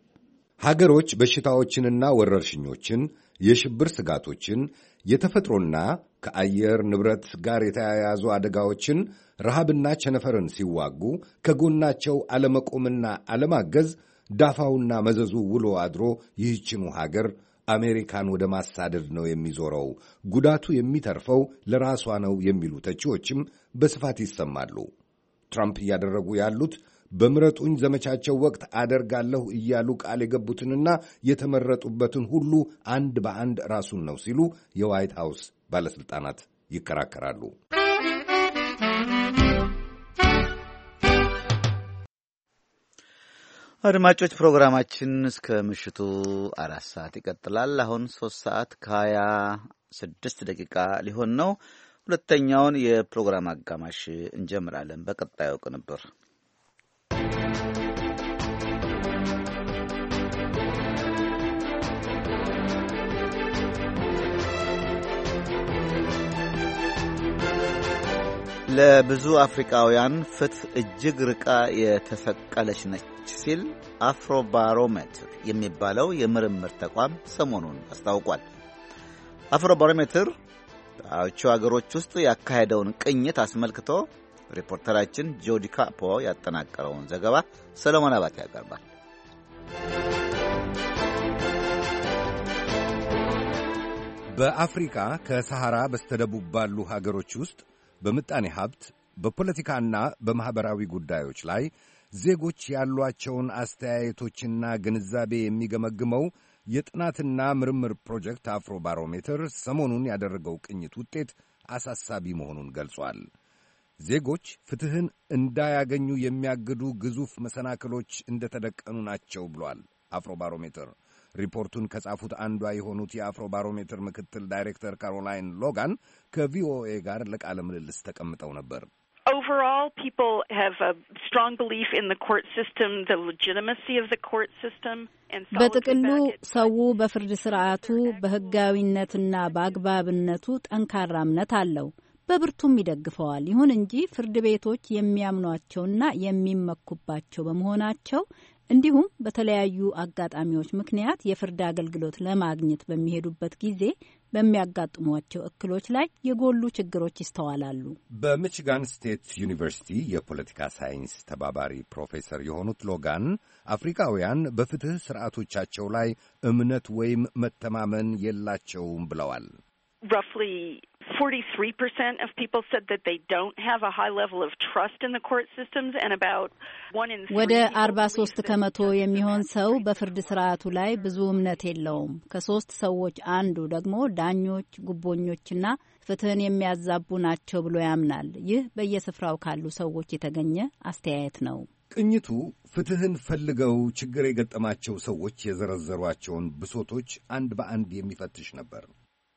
J: ሀገሮች በሽታዎችንና ወረርሽኞችን፣ የሽብር ስጋቶችን፣ የተፈጥሮና ከአየር ንብረት ጋር የተያያዙ አደጋዎችን፣ ረሃብና ቸነፈርን ሲዋጉ ከጎናቸው አለመቆምና አለማገዝ ዳፋውና መዘዙ ውሎ አድሮ ይህችኑ ሀገር አሜሪካን ወደ ማሳደድ ነው የሚዞረው፣ ጉዳቱ የሚተርፈው ለራሷ ነው የሚሉ ተቺዎችም በስፋት ይሰማሉ። ትራምፕ እያደረጉ ያሉት በምረጡኝ ዘመቻቸው ወቅት አደርጋለሁ እያሉ ቃል የገቡትንና የተመረጡበትን ሁሉ አንድ በአንድ ራሱን ነው ሲሉ የዋይት ሃውስ ባለሥልጣናት ይከራከራሉ። አድማጮች ፕሮግራማችን
D: እስከ ምሽቱ አራት ሰዓት ይቀጥላል። አሁን ሶስት ሰዓት ከሀያ ስድስት ደቂቃ ሊሆን ነው። ሁለተኛውን የፕሮግራም አጋማሽ እንጀምራለን በቀጣዩ ቅንብር ለብዙ አፍሪካውያን ፍትህ እጅግ ርቃ የተሰቀለች ነች ሲል አፍሮባሮሜትር የሚባለው የምርምር ተቋም ሰሞኑን አስታውቋል። አፍሮባሮሜትር በአዎቹ አገሮች ውስጥ ያካሄደውን ቅኝት አስመልክቶ ሪፖርተራችን ጆዲ ካፖ ያጠናቀረውን ዘገባ ሰለሞን አባት ያቀርባል።
J: በአፍሪካ ከሰሐራ በስተደቡብ ባሉ ሀገሮች ውስጥ በምጣኔ ሀብት፣ በፖለቲካና በማኅበራዊ ጉዳዮች ላይ ዜጎች ያሏቸውን አስተያየቶችና ግንዛቤ የሚገመግመው የጥናትና ምርምር ፕሮጀክት አፍሮ ባሮሜትር ሰሞኑን ያደረገው ቅኝት ውጤት አሳሳቢ መሆኑን ገልጿል። ዜጎች ፍትሕን እንዳያገኙ የሚያግዱ ግዙፍ መሰናክሎች እንደተደቀኑ ናቸው ብሏል አፍሮ ባሮሜትር። ሪፖርቱን ከጻፉት አንዷ የሆኑት የአፍሮ ባሮሜትር ምክትል ዳይሬክተር ካሮላይን ሎጋን ከቪኦኤ ጋር ለቃለ ምልልስ ተቀምጠው ነበር።
K: Overall, people have a strong belief in the court system, the legitimacy of the court system.
I: በጥቅሉ ሰው በፍርድ ስርዓቱ በህጋዊነትና በአግባብነቱ ጠንካራ እምነት አለው። በብርቱም ይደግፈዋል። ይሁን እንጂ ፍርድ ቤቶች የሚያምኗቸውና የሚመኩባቸው በመሆናቸው እንዲሁም በተለያዩ አጋጣሚዎች ምክንያት የፍርድ አገልግሎት ለማግኘት በሚሄዱበት ጊዜ በሚያጋጥሟቸው እክሎች ላይ የጎሉ ችግሮች ይስተዋላሉ።
J: በሚችጋን ስቴት ዩኒቨርሲቲ የፖለቲካ ሳይንስ ተባባሪ ፕሮፌሰር የሆኑት ሎጋን አፍሪካውያን በፍትህ ስርዓቶቻቸው ላይ እምነት ወይም መተማመን የላቸውም ብለዋል።
K: roughly 43% of people said that they don't have a high level of trust in the court systems and about one in three ወደ
I: 43 ከመቶ የሚሆን ሰው በፍርድ ስርዓቱ ላይ ብዙ እምነት የለውም። ከሶስት ሰዎች አንዱ ደግሞ ዳኞች ጉቦኞችና ፍትህን የሚያዛቡ ናቸው ብሎ ያምናል። ይህ በየስፍራው ካሉ ሰዎች የተገኘ አስተያየት ነው።
J: ቅኝቱ ፍትህን ፈልገው ችግር የገጠማቸው ሰዎች የዘረዘሯቸውን ብሶቶች አንድ በአንድ የሚፈትሽ ነበር።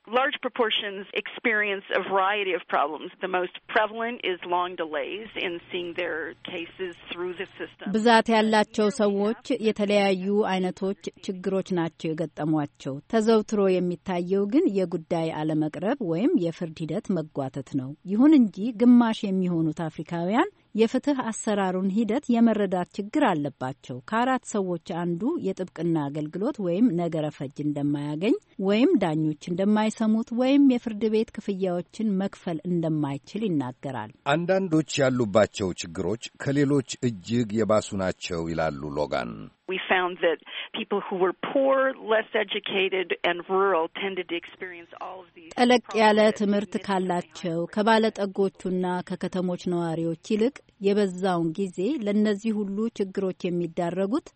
K: large proportions experience a variety of problems. The most prevalent is long delays in seeing their cases through the system.
I: ብዛት ያላቸው ሰዎች የተለያዩ አይነቶች ችግሮች ናቸው የገጠሟቸው። ተዘውትሮ የሚታየው ግን የጉዳይ አለመቅረብ ወይም የፍርድ ሂደት መጓተት ነው። ይሁን እንጂ ግማሽ የሚሆኑት አፍሪካውያን የፍትህ አሰራሩን ሂደት የመረዳት ችግር አለባቸው። ከአራት ሰዎች አንዱ የጥብቅና አገልግሎት ወይም ነገረ ፈጅ እንደማያገኝ ወይም ዳኞች እንደማይሰሙት ወይም የፍርድ ቤት ክፍያዎችን መክፈል እንደማይችል ይናገራል።
J: አንዳንዶች ያሉባቸው ችግሮች ከሌሎች እጅግ የባሱ ናቸው ይላሉ ሎጋን።
K: we found that people who were poor, less educated, and rural tended to experience
I: all of these. ጠለቅ ያለ ትምህርት ካላቸው ከባለጠጎቹና ከከተሞች ነዋሪዎች ይልቅ የበዛውን ጊዜ ለእነዚህ ሁሉ ችግሮች የሚዳረጉት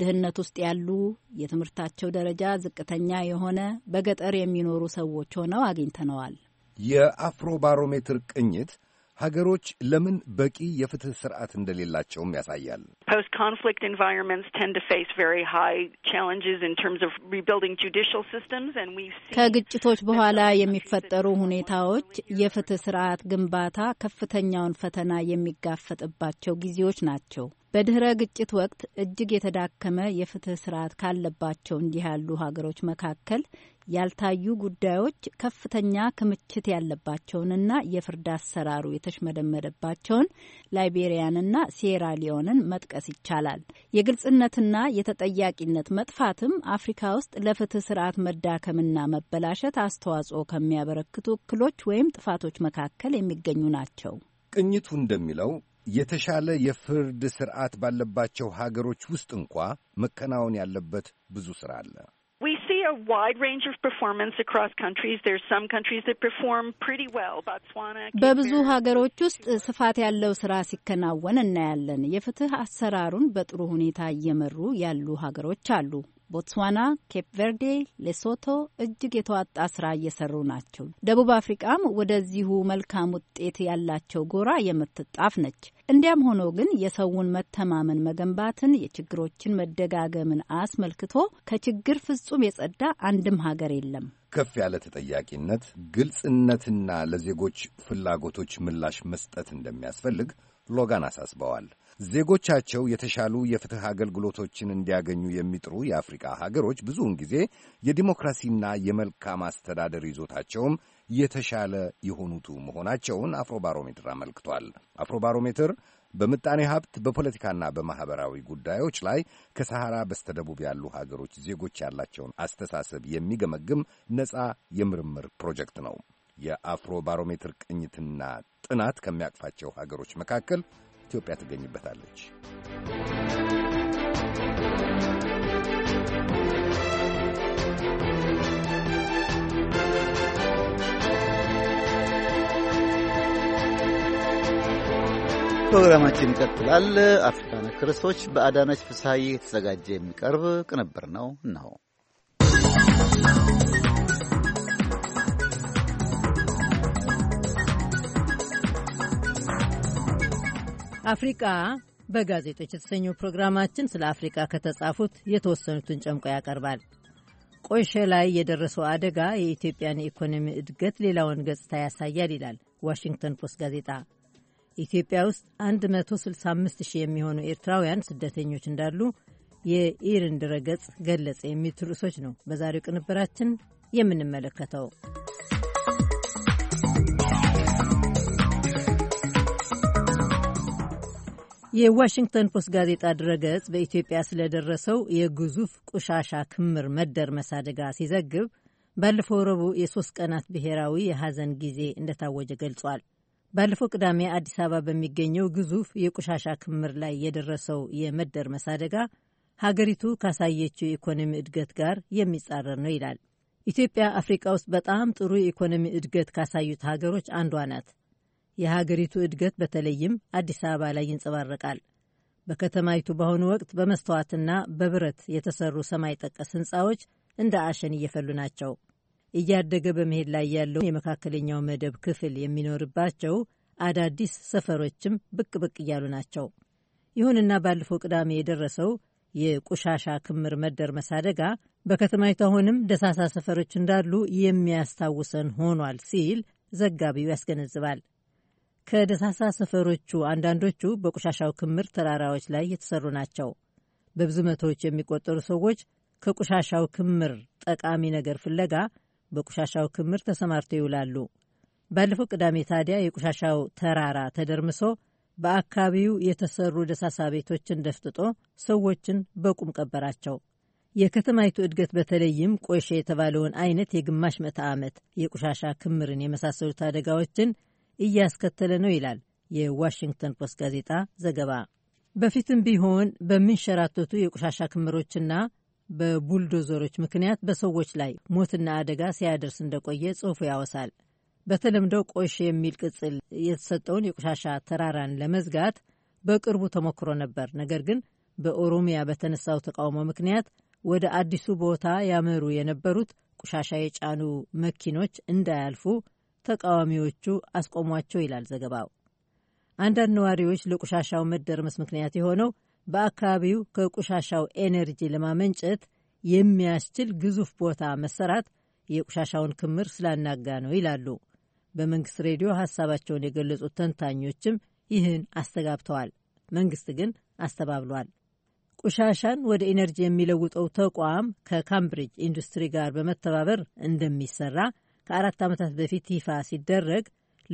I: ድህነት ውስጥ ያሉ የትምህርታቸው ደረጃ ዝቅተኛ የሆነ በገጠር የሚኖሩ ሰዎች ሆነው
K: አግኝተነዋል።
J: የአፍሮ ባሮሜትር ቅኝት ሀገሮች ለምን በቂ የፍትህ ስርዓት እንደሌላቸውም ያሳያል።
I: ከግጭቶች በኋላ የሚፈጠሩ ሁኔታዎች የፍትህ ስርዓት ግንባታ ከፍተኛውን ፈተና የሚጋፈጥባቸው ጊዜዎች ናቸው። በድህረ ግጭት ወቅት እጅግ የተዳከመ የፍትህ ስርዓት ካለባቸው እንዲህ ያሉ ሀገሮች መካከል ያልታዩ ጉዳዮች ከፍተኛ ክምችት ያለባቸውንና የፍርድ አሰራሩ የተሽመደመደባቸውን ላይቤሪያንና ሴራሊዮንን መጥቀስ ይቻላል። የግልጽነትና የተጠያቂነት መጥፋትም አፍሪካ ውስጥ ለፍትህ ስርዓት መዳከምና መበላሸት አስተዋጽኦ ከሚያበረክቱ እክሎች ወይም ጥፋቶች መካከል የሚገኙ ናቸው።
J: ቅኝቱ እንደሚለው የተሻለ የፍርድ ስርዓት ባለባቸው ሀገሮች ውስጥ እንኳ መከናወን ያለበት ብዙ ስራ አለ።
K: see a wide range of performance across countries. There's some countries that perform pretty well. Botswana
I: በብዙ ሀገሮች ውስጥ ስፋት ያለው ስራ ሲከናወን እናያለን። የፍትህ አሰራሩን በጥሩ ሁኔታ እየመሩ ያሉ ሀገሮች አሉ። ቦትስዋና፣ ኬፕ ቨርዴ፣ ሌሶቶ እጅግ የተዋጣ ስራ እየሰሩ ናቸው። ደቡብ አፍሪቃም ወደዚሁ መልካም ውጤት ያላቸው ጎራ የምትጣፍ ነች። እንዲያም ሆኖ ግን የሰውን መተማመን መገንባትን፣ የችግሮችን መደጋገምን አስመልክቶ ከችግር ፍጹም የጸዳ አንድም ሀገር የለም።
J: ከፍ ያለ ተጠያቂነት፣ ግልጽነትና ለዜጎች ፍላጎቶች ምላሽ መስጠት እንደሚያስፈልግ ሎጋን አሳስበዋል። ዜጎቻቸው የተሻሉ የፍትህ አገልግሎቶችን እንዲያገኙ የሚጥሩ የአፍሪቃ ሀገሮች ብዙውን ጊዜ የዲሞክራሲና የመልካም አስተዳደር ይዞታቸውም የተሻለ የሆኑቱ መሆናቸውን አፍሮባሮሜትር አመልክቷል። አፍሮባሮሜትር በምጣኔ ሀብት በፖለቲካና በማኅበራዊ ጉዳዮች ላይ ከሰሐራ በስተደቡብ ያሉ ሀገሮች ዜጎች ያላቸውን አስተሳሰብ የሚገመግም ነፃ የምርምር ፕሮጀክት ነው። የአፍሮ ባሮሜትር ቅኝትና ጥናት ከሚያቅፋቸው ሀገሮች መካከል ኢትዮጵያ ትገኝበታለች።
A: ፕሮግራማችን
D: ይቀጥላል። አፍሪካ ነክ ርዕሶች በአዳነች ፍስሐዬ የተዘጋጀ የሚቀርብ ቅንብር ነው ነው
E: አፍሪቃ በጋዜጦች የተሰኘው ፕሮግራማችን ስለ አፍሪቃ ከተጻፉት የተወሰኑትን ጨምቆ ያቀርባል። ቆሼ ላይ የደረሰው አደጋ የኢትዮጵያን የኢኮኖሚ እድገት ሌላውን ገጽታ ያሳያል ይላል ዋሽንግተን ፖስት ጋዜጣ። ኢትዮጵያ ውስጥ 165 ሺህ የሚሆኑ ኤርትራውያን ስደተኞች እንዳሉ የኢርን ድረገጽ ገለጸ። የሚሉት ርዕሶች ነው በዛሬው ቅንብራችን የምንመለከተው። የዋሽንግተን ፖስት ጋዜጣ ድረገጽ በኢትዮጵያ ስለደረሰው የግዙፍ ቆሻሻ ክምር መደርመስ አደጋ ሲዘግብ ባለፈው ረቡዕ የሶስት ቀናት ብሔራዊ የሐዘን ጊዜ እንደታወጀ ገልጿል። ባለፈው ቅዳሜ አዲስ አበባ በሚገኘው ግዙፍ የቆሻሻ ክምር ላይ የደረሰው የመደርመስ አደጋ ሀገሪቱ ካሳየችው የኢኮኖሚ እድገት ጋር የሚጻረር ነው ይላል። ኢትዮጵያ አፍሪቃ ውስጥ በጣም ጥሩ የኢኮኖሚ እድገት ካሳዩት ሀገሮች አንዷ ናት። የሀገሪቱ እድገት በተለይም አዲስ አበባ ላይ ይንጸባረቃል። በከተማይቱ በአሁኑ ወቅት በመስተዋትና በብረት የተሰሩ ሰማይ ጠቀስ ህንፃዎች እንደ አሸን እየፈሉ ናቸው። እያደገ በመሄድ ላይ ያለው የመካከለኛው መደብ ክፍል የሚኖርባቸው አዳዲስ ሰፈሮችም ብቅ ብቅ እያሉ ናቸው። ይሁንና ባለፈው ቅዳሜ የደረሰው የቆሻሻ ክምር መደርመስ አደጋ በከተማይቱ አሁንም ደሳሳ ሰፈሮች እንዳሉ የሚያስታውሰን ሆኗል ሲል ዘጋቢው ያስገነዝባል። ከደሳሳ ሰፈሮቹ አንዳንዶቹ በቆሻሻው ክምር ተራራዎች ላይ የተሰሩ ናቸው። በብዙ መቶዎች የሚቆጠሩ ሰዎች ከቆሻሻው ክምር ጠቃሚ ነገር ፍለጋ በቆሻሻው ክምር ተሰማርተው ይውላሉ። ባለፈው ቅዳሜ ታዲያ የቆሻሻው ተራራ ተደርምሶ በአካባቢው የተሰሩ ደሳሳ ቤቶችን ደፍጥጦ ሰዎችን በቁም ቀበራቸው። የከተማይቱ እድገት በተለይም ቆሼ የተባለውን አይነት የግማሽ ምዕተ ዓመት የቆሻሻ ክምርን የመሳሰሉት አደጋዎችን እያስከተለ ነው ይላል የዋሽንግተን ፖስት ጋዜጣ ዘገባ። በፊትም ቢሆን በሚንሸራተቱ የቆሻሻ ክምሮችና በቡልዶዘሮች ምክንያት በሰዎች ላይ ሞትና አደጋ ሲያደርስ እንደቆየ ጽሑፉ ያወሳል። በተለምዶ ቆሼ የሚል ቅጽል የተሰጠውን የቆሻሻ ተራራን ለመዝጋት በቅርቡ ተሞክሮ ነበር። ነገር ግን በኦሮሚያ በተነሳው ተቃውሞ ምክንያት ወደ አዲሱ ቦታ ያመሩ የነበሩት ቆሻሻ የጫኑ መኪኖች እንዳያልፉ ተቃዋሚዎቹ አስቆሟቸው ይላል ዘገባው። አንዳንድ ነዋሪዎች ለቆሻሻው መደርመስ ምክንያት የሆነው በአካባቢው ከቆሻሻው ኤነርጂ ለማመንጨት የሚያስችል ግዙፍ ቦታ መሰራት የቆሻሻውን ክምር ስላናጋ ነው ይላሉ። በመንግስት ሬዲዮ ሀሳባቸውን የገለጹት ተንታኞችም ይህን አስተጋብተዋል። መንግስት ግን አስተባብሏል። ቆሻሻን ወደ ኤነርጂ የሚለውጠው ተቋም ከካምብሪጅ ኢንዱስትሪ ጋር በመተባበር እንደሚሰራ ከአራት ዓመታት በፊት ይፋ ሲደረግ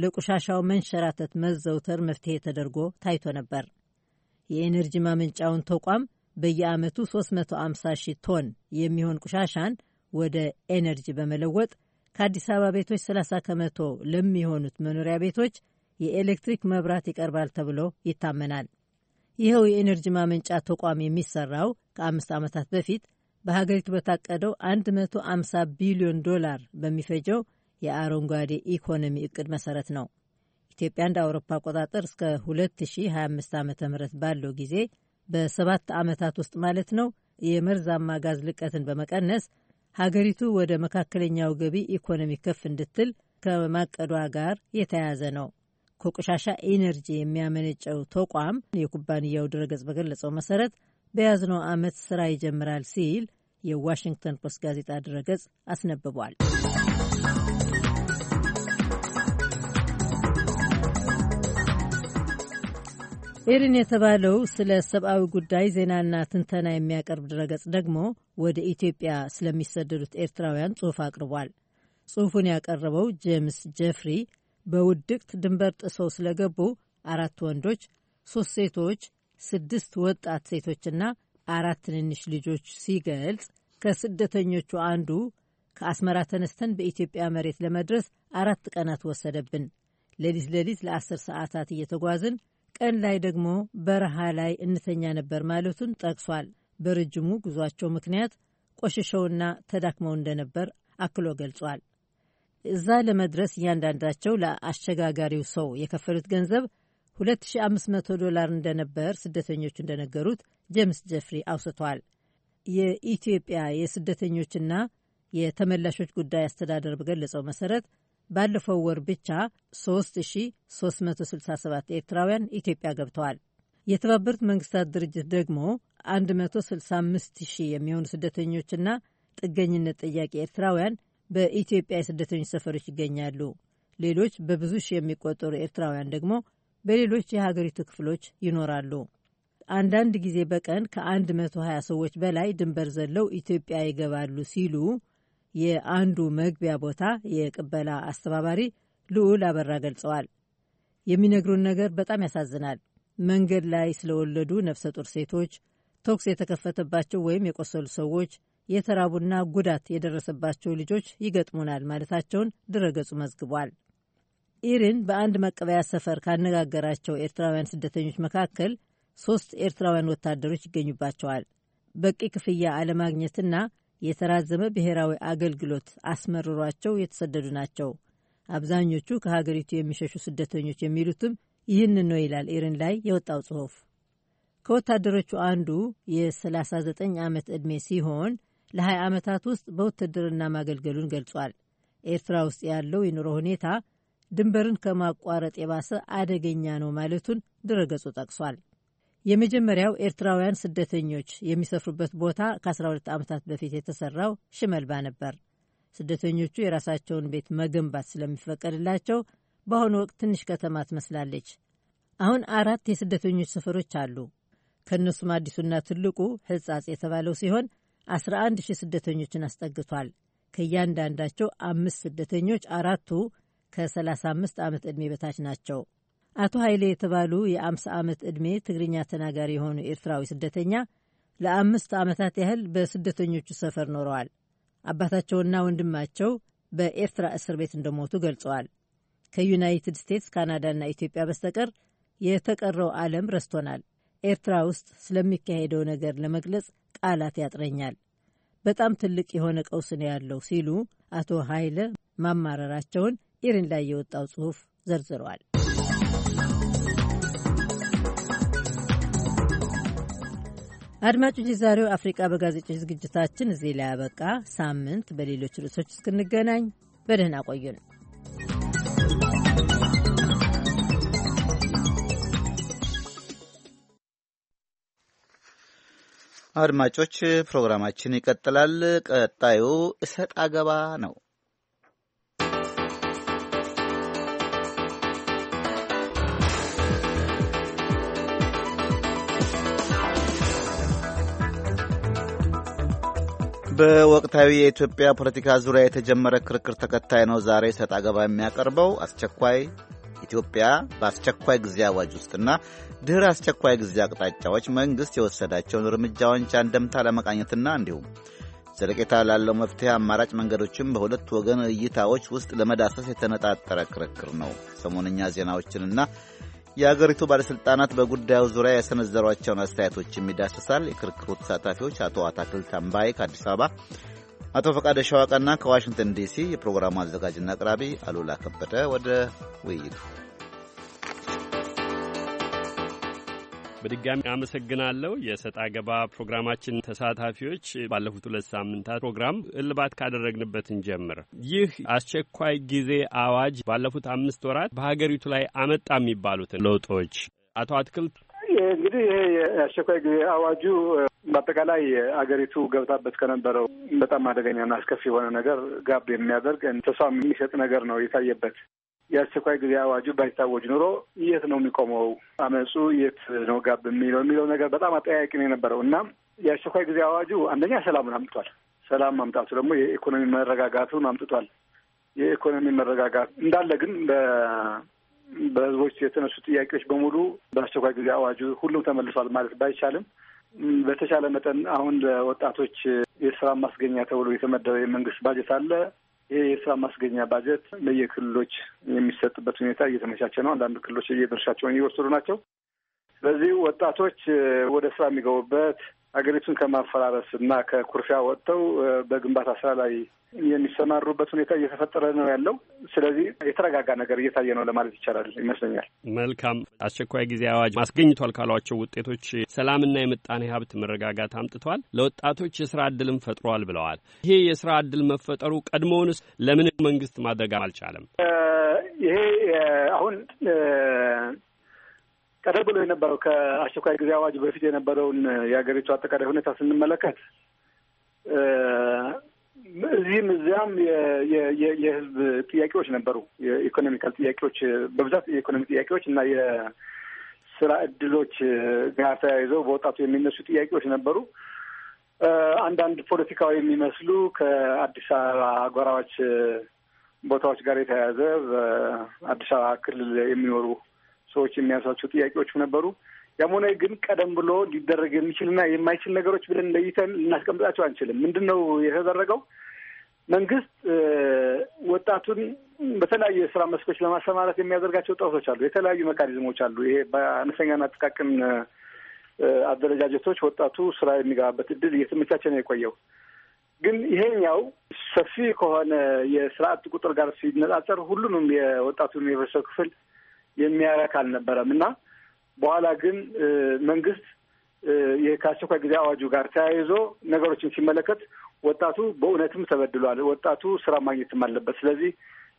E: ለቆሻሻው መንሸራተት መዘውተር መፍትሄ ተደርጎ ታይቶ ነበር። የኤነርጂ ማመንጫውን ተቋም በየዓመቱ 350 ሺህ ቶን የሚሆን ቆሻሻን ወደ ኤነርጂ በመለወጥ ከአዲስ አበባ ቤቶች 30 ከመቶ ለሚሆኑት መኖሪያ ቤቶች የኤሌክትሪክ መብራት ይቀርባል ተብሎ ይታመናል። ይኸው የኤነርጂ ማመንጫ ተቋም የሚሰራው ከአምስት ዓመታት በፊት በሀገሪቱ በታቀደው 150 ቢሊዮን ዶላር በሚፈጀው የአረንጓዴ ኢኮኖሚ እቅድ መሰረት ነው። ኢትዮጵያ እንደ አውሮፓ አቆጣጠር እስከ 2025 ዓ ም ባለው ጊዜ በሰባት ዓመታት ውስጥ ማለት ነው የመርዛማ ጋዝ ልቀትን በመቀነስ ሀገሪቱ ወደ መካከለኛው ገቢ ኢኮኖሚ ከፍ እንድትል ከማቀዷ ጋር የተያያዘ ነው። ከቆሻሻ ኢነርጂ የሚያመነጨው ተቋም የኩባንያው ድረገጽ በገለጸው መሰረት በያዝነው ዓመት ስራ ይጀምራል ሲል የዋሽንግተን ፖስት ጋዜጣ ድረገጽ አስነብቧል። ኤሪን የተባለው ስለ ሰብአዊ ጉዳይ ዜናና ትንተና የሚያቀርብ ድረገጽ ደግሞ ወደ ኢትዮጵያ ስለሚሰደዱት ኤርትራውያን ጽሑፍ አቅርቧል። ጽሑፉን ያቀረበው ጄምስ ጀፍሪ በውድቅት ድንበር ጥሰው ስለገቡ አራት ወንዶች፣ ሶስት ሴቶች፣ ስድስት ወጣት ሴቶችና አራት ትንንሽ ልጆች ሲገልጽ ከስደተኞቹ አንዱ ከአስመራ ተነስተን በኢትዮጵያ መሬት ለመድረስ አራት ቀናት ወሰደብን። ሌሊት ሌሊት ለአስር ሰዓታት እየተጓዝን ቀን ላይ ደግሞ በረሃ ላይ እንተኛ ነበር ማለቱን ጠቅሷል። በረጅሙ ጉዟቸው ምክንያት ቆሽሸውና ተዳክመው እንደነበር አክሎ ገልጿል። እዛ ለመድረስ እያንዳንዳቸው ለአሸጋጋሪው ሰው የከፈሉት ገንዘብ 2500 ዶላር እንደነበር ስደተኞቹ እንደነገሩት ጄምስ ጀፍሪ አውስቷል። የኢትዮጵያ የስደተኞችና የተመላሾች ጉዳይ አስተዳደር በገለጸው መሰረት ባለፈው ወር ብቻ 3367 ኤርትራውያን ኢትዮጵያ ገብተዋል። የተባበሩት መንግስታት ድርጅት ደግሞ 165000 የሚሆኑ ስደተኞችና ጥገኝነት ጠያቂ ኤርትራውያን በኢትዮጵያ የስደተኞች ሰፈሮች ይገኛሉ። ሌሎች በብዙ ሺህ የሚቆጠሩ ኤርትራውያን ደግሞ በሌሎች የሀገሪቱ ክፍሎች ይኖራሉ። አንዳንድ ጊዜ በቀን ከ120 ሰዎች በላይ ድንበር ዘለው ኢትዮጵያ ይገባሉ ሲሉ የአንዱ መግቢያ ቦታ የቅበላ አስተባባሪ ልዑል አበራ ገልጸዋል። የሚነግሩን ነገር በጣም ያሳዝናል። መንገድ ላይ ስለወለዱ ነፍሰ ጡር ሴቶች፣ ተኩስ የተከፈተባቸው ወይም የቆሰሉ ሰዎች፣ የተራቡና ጉዳት የደረሰባቸው ልጆች ይገጥሙናል ማለታቸውን ድረገጹ መዝግቧል። ኢሪን በአንድ መቀበያ ሰፈር ካነጋገራቸው ኤርትራውያን ስደተኞች መካከል ሶስት ኤርትራውያን ወታደሮች ይገኙባቸዋል። በቂ ክፍያ አለማግኘትና የተራዘመ ብሔራዊ አገልግሎት አስመርሯቸው የተሰደዱ ናቸው። አብዛኞቹ ከሀገሪቱ የሚሸሹ ስደተኞች የሚሉትም ይህንን ነው ይላል ኢርን ላይ የወጣው ጽሑፍ። ከወታደሮቹ አንዱ የ39 ዓመት ዕድሜ ሲሆን ለ20 ዓመታት ውስጥ በውትድርና ማገልገሉን ገልጿል። ኤርትራ ውስጥ ያለው የኑሮ ሁኔታ ድንበርን ከማቋረጥ የባሰ አደገኛ ነው ማለቱን ድረገጹ ጠቅሷል። የመጀመሪያው ኤርትራውያን ስደተኞች የሚሰፍሩበት ቦታ ከ12 ዓመታት በፊት የተሰራው ሽመልባ ነበር። ስደተኞቹ የራሳቸውን ቤት መገንባት ስለሚፈቀድላቸው በአሁኑ ወቅት ትንሽ ከተማ ትመስላለች። አሁን አራት የስደተኞች ሰፈሮች አሉ። ከእነሱም አዲሱና ትልቁ ሕጻጽ የተባለው ሲሆን 11 ሺህ ስደተኞችን አስጠግቷል። ከእያንዳንዳቸው አምስት ስደተኞች አራቱ ከ35 ዓመት ዕድሜ በታች ናቸው። አቶ ኃይሌ የተባሉ የአምስ ዓመት ዕድሜ ትግርኛ ተናጋሪ የሆኑ ኤርትራዊ ስደተኛ ለአምስት ዓመታት ያህል በስደተኞቹ ሰፈር ኖረዋል። አባታቸውና ወንድማቸው በኤርትራ እስር ቤት እንደሞቱ ገልጸዋል። ከዩናይትድ ስቴትስ ካናዳና ኢትዮጵያ በስተቀር የተቀረው ዓለም ረስቶናል። ኤርትራ ውስጥ ስለሚካሄደው ነገር ለመግለጽ ቃላት ያጥረኛል። በጣም ትልቅ የሆነ ቀውስ ነው ያለው ሲሉ አቶ ኃይለ ማማረራቸውን ኢሪን ላይ የወጣው ጽሑፍ ዘርዝረዋል። አድማጮች፣ የዛሬው አፍሪቃ በጋዜጦች ዝግጅታችን እዚህ ላይ ያበቃ። ሳምንት በሌሎች ርዕሶች እስክንገናኝ በደህና ቆዩን።
D: አድማጮች፣ ፕሮግራማችን ይቀጥላል። ቀጣዩ እሰጥ አገባ ነው። በወቅታዊ የኢትዮጵያ ፖለቲካ ዙሪያ የተጀመረ ክርክር ተከታይ ነው ዛሬ ሰጥ አገባ የሚያቀርበው አስቸኳይ ኢትዮጵያ በአስቸኳይ ጊዜ አዋጅ ውስጥና ድህረ አስቸኳይ ጊዜ አቅጣጫዎች መንግሥት የወሰዳቸውን ዋንቻ እንደምታ ለመቃኘትና እንዲሁም ዘለቄታ ላለው መፍትሄ አማራጭ መንገዶችም በሁለት ወገን እይታዎች ውስጥ ለመዳሰስ የተነጣጠረ ክርክር ነው። ሰሞንኛ ዜናዎችንና የአገሪቱ ባለሥልጣናት በጉዳዩ ዙሪያ የሰነዘሯቸውን አስተያየቶች የሚዳስሳል። የክርክሩ ተሳታፊዎች አቶ አታክልት አምባዬ ከአዲስ አበባ፣ አቶ ፈቃደ ሸዋቀና ከዋሽንግተን ዲሲ፣ የፕሮግራሙ አዘጋጅና አቅራቢ አሉላ
B: ከበደ ወደ ውይይቱ በድጋሚ አመሰግናለሁ። የሰጥ አገባ ፕሮግራማችን ተሳታፊዎች ባለፉት ሁለት ሳምንታት ፕሮግራም እልባት ካደረግንበትን ጀምር ይህ አስቸኳይ ጊዜ አዋጅ ባለፉት አምስት ወራት በሀገሪቱ ላይ አመጣ የሚባሉትን ለውጦች አቶ አትክልት
F: እንግዲህ ይሄ የአስቸኳይ ጊዜ አዋጁ በአጠቃላይ አገሪቱ ገብታበት ከነበረው በጣም አደገኛና አስከፊ የሆነ ነገር ጋብ የሚያደርግ ተስፋ የሚሰጥ ነገር ነው የታየበት። የአስቸኳይ ጊዜ አዋጁ ባይታወጅ ኑሮ የት ነው የሚቆመው አመፁ፣ የት ነው ጋብ የሚለው የሚለው ነገር በጣም አጠያቂ ነው የነበረው እና የአስቸኳይ ጊዜ አዋጁ አንደኛ ሰላሙን አምጥቷል። ሰላም ማምጣቱ ደግሞ የኢኮኖሚ መረጋጋቱን አምጥቷል። የኢኮኖሚ መረጋጋት እንዳለ ግን በህዝቦች የተነሱ ጥያቄዎች በሙሉ በአስቸኳይ ጊዜ አዋጁ ሁሉም ተመልሷል ማለት ባይቻልም በተቻለ መጠን አሁን ለወጣቶች የስራ ማስገኛ ተብሎ የተመደበ የመንግስት ባጀት አለ። ይሄ የስራ ማስገኛ ባጀት ለየክልሎች የሚሰጥበት ሁኔታ እየተመቻቸ ነው። አንዳንድ ክልሎች የድርሻቸውን እየወሰዱ ናቸው። ስለዚህ ወጣቶች ወደ ስራ የሚገቡበት ሀገሪቱን ከማፈራረስ እና ከኩርፊያ ወጥተው በግንባታ ስራ ላይ የሚሰማሩበት ሁኔታ እየተፈጠረ ነው ያለው። ስለዚህ የተረጋጋ ነገር እየታየ ነው ለማለት ይቻላል ይመስለኛል።
B: መልካም። አስቸኳይ ጊዜ አዋጅ ማስገኝቷል ካሏቸው ውጤቶች ሰላምና የምጣኔ ሀብት መረጋጋት አምጥቷል፣ ለወጣቶች የስራ እድልም ፈጥሯል ብለዋል። ይሄ የስራ እድል መፈጠሩ ቀድሞውንስ ለምን መንግስት ማድረግ አልቻለም?
F: ይሄ አሁን ቀደም ብሎ የነበረው ከአስቸኳይ ጊዜ አዋጅ በፊት የነበረውን የሀገሪቱ አጠቃላይ ሁኔታ ስንመለከት እዚህም እዚያም የህዝብ ጥያቄዎች ነበሩ። የኢኮኖሚካል ጥያቄዎች በብዛት የኢኮኖሚ ጥያቄዎች እና የስራ እድሎች ጋር ተያይዘው በወጣቱ የሚነሱ ጥያቄዎች ነበሩ። አንዳንድ ፖለቲካዊ የሚመስሉ ከአዲስ አበባ አጎራባች ቦታዎች ጋር የተያያዘ በአዲስ አበባ ክልል የሚኖሩ ሰዎች የሚያሳቸው ጥያቄዎችም ነበሩ። ያም ሆነ ግን ቀደም ብሎ ሊደረግ የሚችልና የማይችል ነገሮች ብለን ለይተን ልናስቀምጣቸው አንችልም። ምንድን ነው የተደረገው? መንግስት ወጣቱን በተለያዩ የስራ መስኮች ለማሰማራት የሚያደርጋቸው ጥረቶች አሉ። የተለያዩ ሜካኒዝሞች አሉ። ይሄ በአነስተኛና ጥቃቅን አደረጃጀቶች ወጣቱ ስራ የሚገባበት እድል እየተመቻቸ ነው የቆየው። ግን ይሄኛው ሰፊ ከሆነ የስርዓት ቁጥር ጋር ሲነጻጸር ሁሉንም የወጣቱን የህብረተሰብ ክፍል የሚያረካ አልነበረም እና በኋላ ግን መንግስት ከአስቸኳይ ጊዜ አዋጁ ጋር ተያይዞ ነገሮችን ሲመለከት ወጣቱ በእውነትም ተበድሏል፣ ወጣቱ ስራ ማግኘትም አለበት። ስለዚህ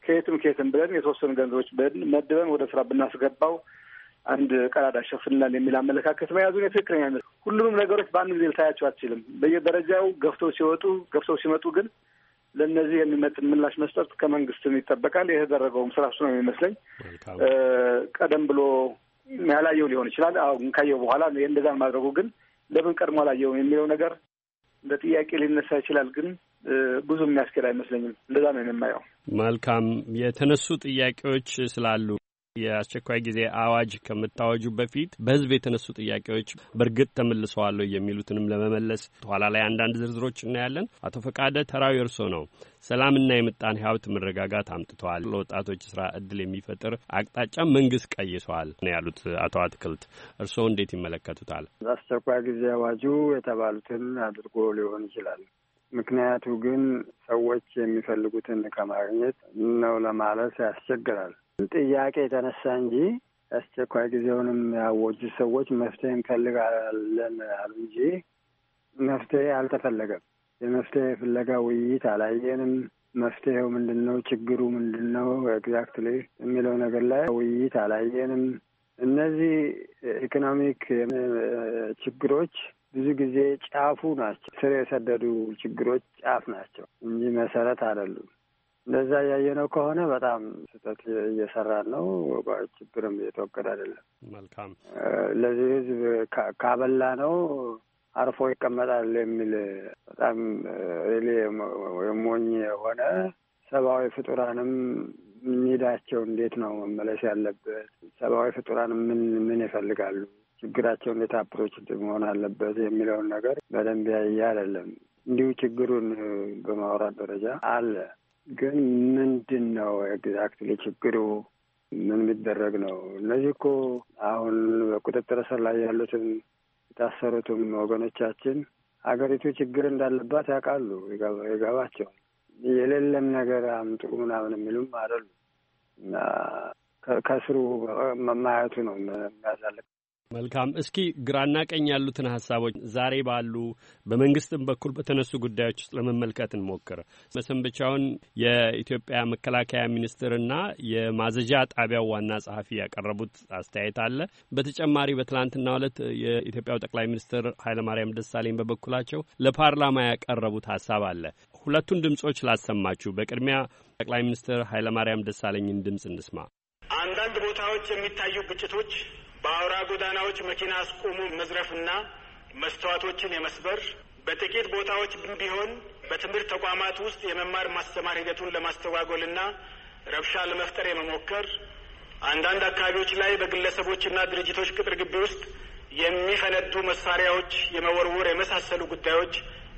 F: ከየትም ከየትም ብለን የተወሰኑ ገንዘቦች መድበን ወደ ስራ ብናስገባው አንድ ቀዳዳ ሸፍንላል የሚል አመለካከት መያዙን የትክክለኛ ሁሉንም ነገሮች በአንድ ጊዜ ልታያቸው አትችልም። በየደረጃው ገፍተው ሲወጡ ገፍተው ሲመጡ ግን ለእነዚህ የሚመጥን ምላሽ መስጠት ከመንግስትም ይጠበቃል። የተደረገውም ስራ እሱ ነው የሚመስለኝ። ቀደም ብሎ ያላየው ሊሆን ይችላል። አሁን ካየው በኋላ እንደዛን ማድረጉ ግን ለምን ቀድሞ አላየውም የሚለው ነገር እንደ ጥያቄ ሊነሳ ይችላል። ግን ብዙ የሚያስኬድ አይመስለኝም። እንደዛ ነው የምናየው።
B: መልካም የተነሱ ጥያቄዎች ስላሉ የአስቸኳይ ጊዜ አዋጅ ከምታወጁ በፊት በህዝብ የተነሱ ጥያቄዎች በእርግጥ ተመልሰዋለሁ የሚሉትንም ለመመለስ ኋላ ላይ አንዳንድ ዝርዝሮች እናያለን። አቶ ፈቃደ ተራዊ እርሶ ነው። ሰላምና የምጣኔ ሀብት መረጋጋት አምጥተዋል፣ ለወጣቶች ስራ እድል የሚፈጥር አቅጣጫ መንግስት ቀይሰዋል ነው ያሉት አቶ አትክልት። እርስዎ እንዴት ይመለከቱታል?
G: አስቸኳይ ጊዜ አዋጁ የተባሉትን አድርጎ ሊሆን ይችላል። ምክንያቱ ግን ሰዎች የሚፈልጉትን ከማግኘት ነው ለማለት ያስቸግራል። ጥያቄ የተነሳ እንጂ አስቸኳይ ጊዜውንም ያወጁ ሰዎች መፍትሄ እንፈልጋለን አሉ እንጂ መፍትሄ አልተፈለገም። የመፍትሄ ፍለጋ ውይይት አላየንም። መፍትሄው ምንድን ነው? ችግሩ ምንድን ነው ኤግዛክትሊ የሚለው ነገር ላይ ውይይት አላየንም። እነዚህ ኢኮኖሚክ ችግሮች ብዙ ጊዜ ጫፉ ናቸው። ስር የሰደዱ ችግሮች ጫፍ ናቸው እንጂ መሰረት አይደሉም። እንደዛ ያየነው ከሆነ በጣም ስህተት እየሰራን ነው። ችግርም እየተወገደ አይደለም። መልካም ለዚህ ህዝብ ካበላ ነው አርፎ ይቀመጣል የሚል በጣም ሬሌ የሞኝ የሆነ ሰብአዊ ፍጡራንም እንሄዳቸው እንዴት ነው መመለስ ያለበት? ሰብአዊ ፍጡራን ምን ምን ይፈልጋሉ? ችግራቸው እንዴት አፕሮች መሆን አለበት የሚለውን ነገር በደንብ ያየ አይደለም። እንዲሁ ችግሩን በማውራት ደረጃ አለ ግን ምንድን ነው ኤግዛክትሊ ችግሩ? ምን የሚደረግ ነው? እነዚህ እኮ አሁን በቁጥጥር ስር ላይ ያሉትም የታሰሩትም ወገኖቻችን ሀገሪቱ ችግር እንዳለባት ያውቃሉ፣ ይገባቸው። የሌለም ነገር አምጡ ምናምን የሚሉም አይደሉም እና ከስሩ ማየቱ ነው የሚያሳልቅ
B: መልካም። እስኪ ግራና ቀኝ ያሉትን ሀሳቦች ዛሬ ባሉ በመንግስትም በኩል በተነሱ ጉዳዮች ውስጥ ለመመልከት እንሞክር። መሰንበቻውን የኢትዮጵያ መከላከያ ሚኒስትርና የማዘዣ ጣቢያው ዋና ጸሐፊ ያቀረቡት አስተያየት አለ። በተጨማሪ በትናንትናው ዕለት የኢትዮጵያው ጠቅላይ ሚኒስትር ኃይለማርያም ደሳለኝ በበኩላቸው ለፓርላማ ያቀረቡት ሀሳብ አለ። ሁለቱን ድምጾች ላሰማችሁ። በቅድሚያ ጠቅላይ ሚኒስትር ኃይለማርያም ደሳለኝን ድምፅ እንስማ።
A: አንዳንድ ቦታዎች የሚታዩ ግጭቶች በአውራ ጎዳናዎች መኪና አስቆሙ መዝረፍና መስተዋቶችን የመስበር በጥቂት ቦታዎች ቢሆን በትምህርት ተቋማት ውስጥ የመማር ማስተማር ሂደቱን ለማስተጓጎልና ረብሻ ለመፍጠር የመሞከር አንዳንድ አካባቢዎች ላይ በግለሰቦችና ድርጅቶች ቅጥር ግቢ ውስጥ የሚፈነዱ መሳሪያዎች የመወርወር የመሳሰሉ ጉዳዮች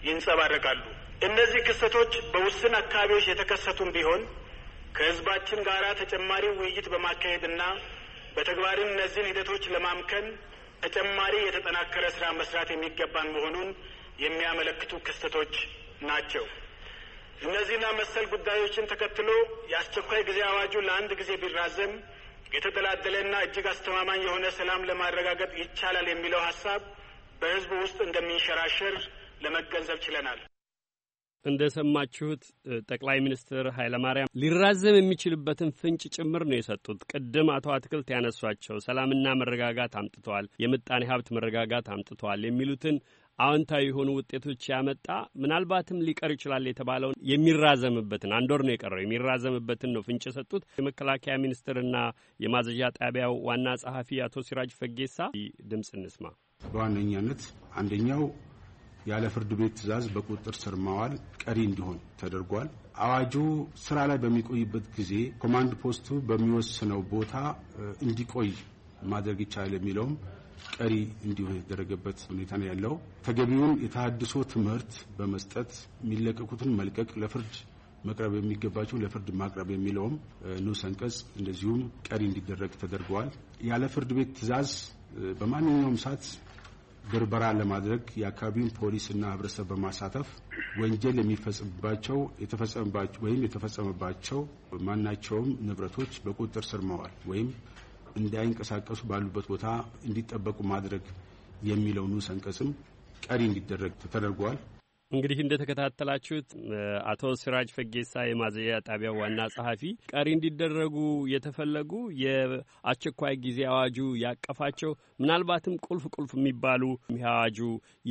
A: ይንጸባረቃሉ። እነዚህ ክስተቶች በውስን አካባቢዎች የተከሰቱም ቢሆን ከህዝባችን ጋራ ተጨማሪ ውይይት በማካሄድና በተግባርም እነዚህን ሂደቶች ለማምከን ተጨማሪ የተጠናከረ ስራ መስራት የሚገባን መሆኑን የሚያመለክቱ ክስተቶች ናቸው። እነዚህና መሰል ጉዳዮችን ተከትሎ የአስቸኳይ ጊዜ አዋጁ ለአንድ ጊዜ ቢራዘም የተደላደለና እጅግ አስተማማኝ የሆነ ሰላም ለማረጋገጥ ይቻላል የሚለው ሀሳብ በህዝቡ ውስጥ እንደሚንሸራሸር ለመገንዘብ ችለናል።
B: እንደሰማችሁት ጠቅላይ ሚኒስትር ኃይለማርያም ሊራዘም የሚችልበትን ፍንጭ ጭምር ነው የሰጡት። ቅድም አቶ አትክልት ያነሷቸው ሰላምና መረጋጋት አምጥተዋል፣ የምጣኔ ሀብት መረጋጋት አምጥተዋል የሚሉትን አዎንታዊ የሆኑ ውጤቶች ያመጣ ምናልባትም ሊቀር ይችላል የተባለውን የሚራዘምበትን አንድ ወር ነው የቀረው የሚራዘምበትን ነው ፍንጭ የሰጡት። የመከላከያ ሚኒስትርና የማዘዣ ጣቢያው ዋና ጸሐፊ አቶ ሲራጅ ፈጌሳ
A: ድምፅ እንስማ። በዋነኛነት አንደኛው ያለ ፍርድ ቤት ትዕዛዝ በቁጥጥር ስር ማዋል ቀሪ እንዲሆን ተደርጓል። አዋጁ ስራ ላይ በሚቆይበት ጊዜ ኮማንድ ፖስቱ በሚወስነው ቦታ እንዲቆይ ማድረግ ይቻላል የሚለውም ቀሪ እንዲሆን የተደረገበት ሁኔታ ነው ያለው። ተገቢውን የተሃድሶ ትምህርት በመስጠት የሚለቀቁትን መልቀቅ፣ ለፍርድ መቅረብ የሚገባቸው ለፍርድ ማቅረብ የሚለውም ንዑስ አንቀጽ እንደዚሁም ቀሪ እንዲደረግ ተደርገዋል። ያለ ፍርድ ቤት ትዕዛዝ በማንኛውም ሰዓት ብርበራ ለማድረግ የአካባቢውን ፖሊስና ህብረተሰብ በማሳተፍ ወንጀል የሚፈጽምባቸው የተፈጸመባቸው ወይም የተፈጸመባቸው ማናቸውም ንብረቶች በቁጥጥር ስር መዋል ወይም እንዳይንቀሳቀሱ ባሉበት ቦታ እንዲጠበቁ ማድረግ የሚለው ንዑስ አንቀጽም ቀሪ እንዲደረግ ተደርጓል። እንግዲህ
B: እንደተከታተላችሁት አቶ ሲራጅ ፈጌሳ የማዘያ ጣቢያ ዋና ጸሐፊ ቀሪ እንዲደረጉ የተፈለጉ የአስቸኳይ ጊዜ አዋጁ ያቀፋቸው ምናልባትም ቁልፍ ቁልፍ የሚባሉ አዋጁ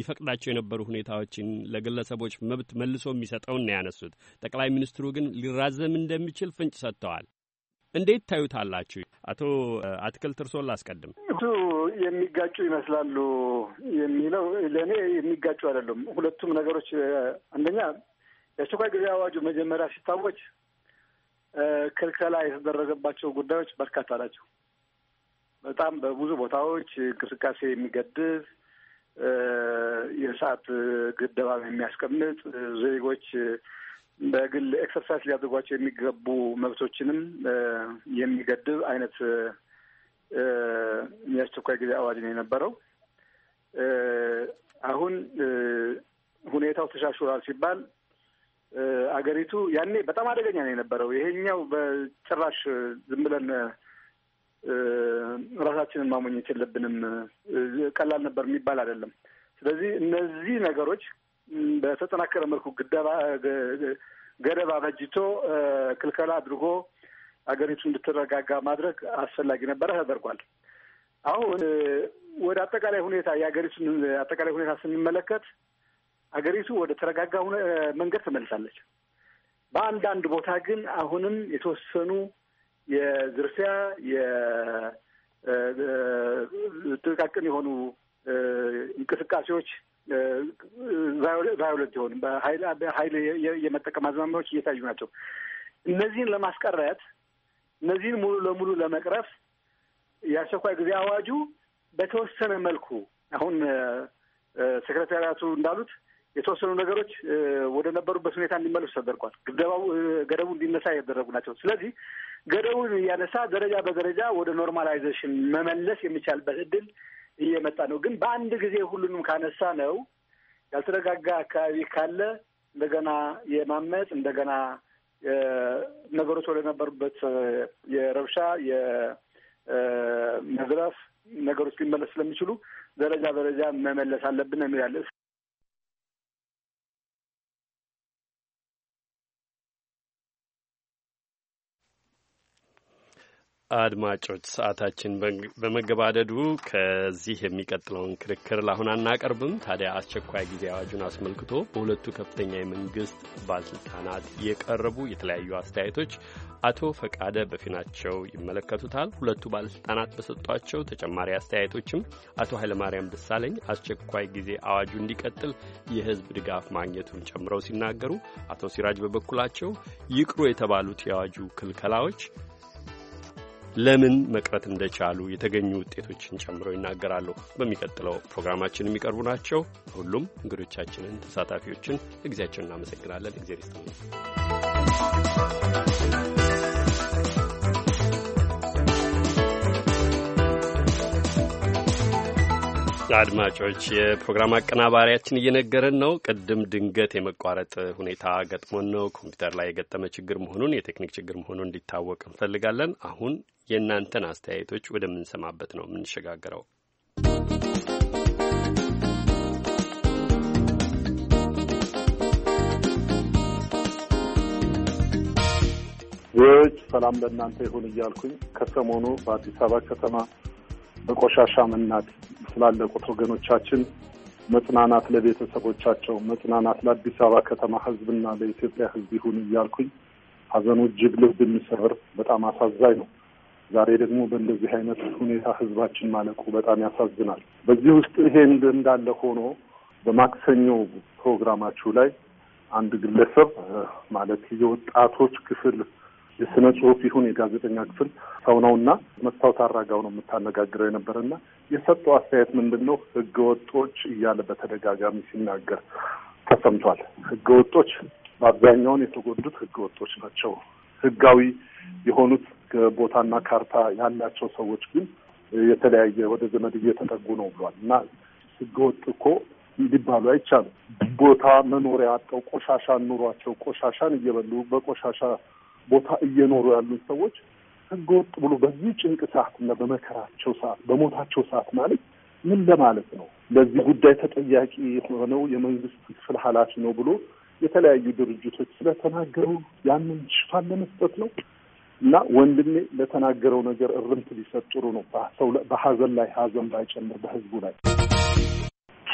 B: ይፈቅዳቸው የነበሩ ሁኔታዎችን ለግለሰቦች መብት መልሶ የሚሰጠውን ነው ያነሱት። ጠቅላይ ሚኒስትሩ ግን ሊራዘም እንደሚችል ፍንጭ ሰጥተዋል። እንዴት ታዩታላችሁ? አቶ አትክልት እርሶን ላስቀድም።
F: እሱ የሚጋጩ ይመስላሉ የሚለው ለእኔ የሚጋጩ አይደሉም። ሁለቱም ነገሮች አንደኛ የአስቸኳይ ጊዜ አዋጁ መጀመሪያ ሲታወጅ ክልከላ የተደረገባቸው ጉዳዮች በርካታ ናቸው። በጣም በብዙ ቦታዎች እንቅስቃሴ የሚገድብ የሰዓት ግደባም የሚያስቀምጥ ዜጎች በግል ኤክሰርሳይዝ ሊያደርጓቸው የሚገቡ መብቶችንም የሚገድብ አይነት የአስቸኳይ ጊዜ አዋጅ ነው የነበረው። አሁን ሁኔታው ተሻሽሏል ሲባል አገሪቱ ያኔ በጣም አደገኛ ነው የነበረው። ይሄኛው በጭራሽ ዝም ብለን ራሳችንን ማሞኘት የለብንም፣ ቀላል ነበር የሚባል አይደለም። ስለዚህ እነዚህ ነገሮች በተጠናከረ መልኩ ገደብ አበጅቶ ክልከላ አድርጎ አገሪቱ እንድትረጋጋ ማድረግ አስፈላጊ ነበረ፣ ተደርጓል። አሁን ወደ አጠቃላይ ሁኔታ የአገሪቱን አጠቃላይ ሁኔታ ስንመለከት አገሪቱ ወደ ተረጋጋ መንገድ ተመልሳለች። በአንዳንድ ቦታ ግን አሁንም የተወሰኑ የዝርፊያ የጥቃቅን የሆኑ እንቅስቃሴዎች ቫዮለንት የሆንም በሀይል የመጠቀም አዝማሚያዎች እየታዩ ናቸው። እነዚህን ለማስቀረት እነዚህን ሙሉ ለሙሉ ለመቅረፍ የአስቸኳይ ጊዜ አዋጁ በተወሰነ መልኩ አሁን ሴክሬታሪያቱ እንዳሉት የተወሰኑ ነገሮች ወደ ነበሩበት ሁኔታ እንዲመለሱ ተደርጓል። ግደባው ገደቡ እንዲነሳ እያደረጉ ናቸው። ስለዚህ ገደቡን እያነሳ ደረጃ በደረጃ ወደ ኖርማላይዜሽን መመለስ የሚቻልበት እድል እየመጣ ነው። ግን በአንድ ጊዜ ሁሉንም ካነሳ ነው ያልተረጋጋ አካባቢ ካለ እንደገና የማመፅ እንደገና ነገሮች ወደ ነበሩበት የረብሻ የመዝረፍ ነገሮች ሊመለስ ስለሚችሉ
L: ደረጃ ደረጃ መመለስ አለብን የሚላለ
B: አድማጮች ሰዓታችን በመገባደዱ ከዚህ የሚቀጥለውን ክርክር ለአሁን አናቀርብም። ታዲያ አስቸኳይ ጊዜ አዋጁን አስመልክቶ በሁለቱ ከፍተኛ የመንግስት ባለስልጣናት የቀረቡ የተለያዩ አስተያየቶች አቶ ፈቃደ በፊናቸው ይመለከቱታል። ሁለቱ ባለስልጣናት በሰጧቸው ተጨማሪ አስተያየቶችም አቶ ኃይለማርያም ደሳለኝ አስቸኳይ ጊዜ አዋጁ እንዲቀጥል የህዝብ ድጋፍ ማግኘቱን ጨምረው ሲናገሩ፣ አቶ ሲራጅ በበኩላቸው ይቅሩ የተባሉት የአዋጁ ክልከላዎች ለምን መቅረት እንደቻሉ የተገኙ ውጤቶችን ጨምረው ይናገራሉ። በሚቀጥለው ፕሮግራማችን የሚቀርቡ ናቸው። ሁሉም እንግዶቻችንን፣ ተሳታፊዎችን ለጊዜያቸው እናመሰግናለን። እግዜር ይስጥልን። አድማጮች የፕሮግራም አቀናባሪያችን እየነገረን ነው። ቅድም ድንገት የመቋረጥ ሁኔታ ገጥሞን ነው። ኮምፒውተር ላይ የገጠመ ችግር መሆኑን የቴክኒክ ችግር መሆኑን እንዲታወቅ እንፈልጋለን። አሁን የእናንተን አስተያየቶች ወደምንሰማበት ነው የምንሸጋገረው።
L: ዎች ሰላም ለእናንተ ይሁን እያልኩኝ ከሰሞኑ በአዲስ አበባ ከተማ በቆሻሻ መናድ ስላለቁት ወገኖቻችን መጽናናት ለቤተሰቦቻቸው መጽናናት ለአዲስ አበባ ከተማ ህዝብና ለኢትዮጵያ ህዝብ ይሁን እያልኩኝ ሀዘኑ እጅግ ልብ የሚሰብር በጣም አሳዛኝ ነው። ዛሬ ደግሞ በእንደዚህ አይነት ሁኔታ ህዝባችን ማለቁ በጣም ያሳዝናል። በዚህ ውስጥ ይሄ እንዳለ ሆኖ በማክሰኞ ፕሮግራማችሁ ላይ አንድ ግለሰብ ማለት የወጣቶች ክፍል የስነ ጽሁፍ ይሁን የጋዜጠኛ ክፍል ሰውነውና መስታወት አራጋው ነው የምታነጋግረው የነበረ እና የሰጠው አስተያየት ምንድን ነው? ህገ ወጦች እያለ በተደጋጋሚ ሲናገር ተሰምቷል። ህገ ወጦች በአብዛኛውን የተጎዱት ህገ ወጦች ናቸው። ህጋዊ የሆኑት ቦታና ካርታ ያላቸው ሰዎች ግን የተለያየ ወደ ዘመድ እየተጠጉ ነው ብሏል እና ወጥ እኮ እንዲባሉ አይቻልም። ቦታ መኖሪያ አጠው ቆሻሻን ኑሯቸው ቆሻሻን እየበሉ በቆሻሻ ቦታ እየኖሩ ያሉት ሰዎች ህገወጥ ብሎ በዚህ ጭንቅ ሰዓት እና በመከራቸው ሰዓት በሞታቸው ሰዓት ማለት ምን ለማለት ነው? ለዚህ ጉዳይ ተጠያቂ የሆነው የመንግስት ክፍል ኃላፊ ነው ብሎ የተለያዩ ድርጅቶች ስለተናገሩ ያንን ሽፋን ለመስጠት ነው። እና ወንድሜ ለተናገረው ነገር እርምት ሊሰጥ ጥሩ ነው። በሀዘን ላይ ሀዘን ባይጨምር በህዝቡ
G: ላይ።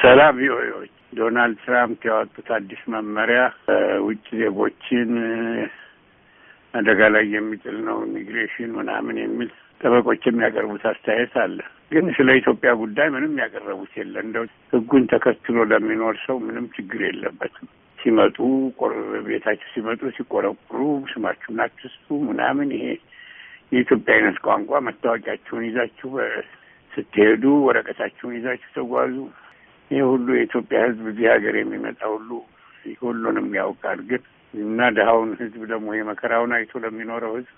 G: ሰላም ቪኦኤዎች፣ ዶናልድ ትራምፕ ያወጡት አዲስ መመሪያ ውጭ ዜጎችን አደጋ ላይ የሚጥል ነው ኢሚግሬሽን ምናምን የሚል ጠበቆች የሚያቀርቡት አስተያየት አለ። ግን ስለ ኢትዮጵያ ጉዳይ ምንም ያቀረቡት የለ። እንደው ህጉን ተከትሎ ለሚኖር ሰው ምንም ችግር የለበትም። ሲመጡ ቤታችሁ ሲመጡ ሲቆረቁሩ ስማችሁን አትስጡ ምናምን ይሄ የኢትዮጵያ አይነት ቋንቋ መታወቂያችሁን ይዛችሁ ስትሄዱ ወረቀታችሁን ይዛችሁ ተጓዙ። ይህ ሁሉ የኢትዮጵያ ህዝብ እዚህ ሀገር የሚመጣ ሁሉ ሁሉንም ያውቃል ግን እና ድሀውን ህዝብ ደግሞ የመከራውን አይቶ ለሚኖረው ህዝብ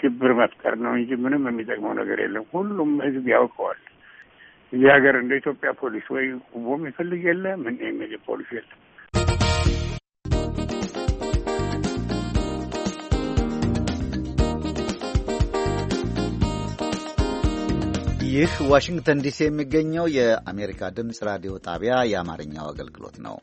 G: ሽብር መፍጠር ነው እንጂ ምንም የሚጠቅመው ነገር የለም። ሁሉም ህዝብ ያውቀዋል። እዚህ ሀገር እንደ ኢትዮጵያ ፖሊስ ወይ ቁቦ የሚፈልግ የለ ምን የሚል ፖሊስ የለም።
D: ይህ ዋሽንግተን ዲሲ የሚገኘው የአሜሪካ ድምፅ ራዲዮ ጣቢያ የአማርኛው አገልግሎት ነው።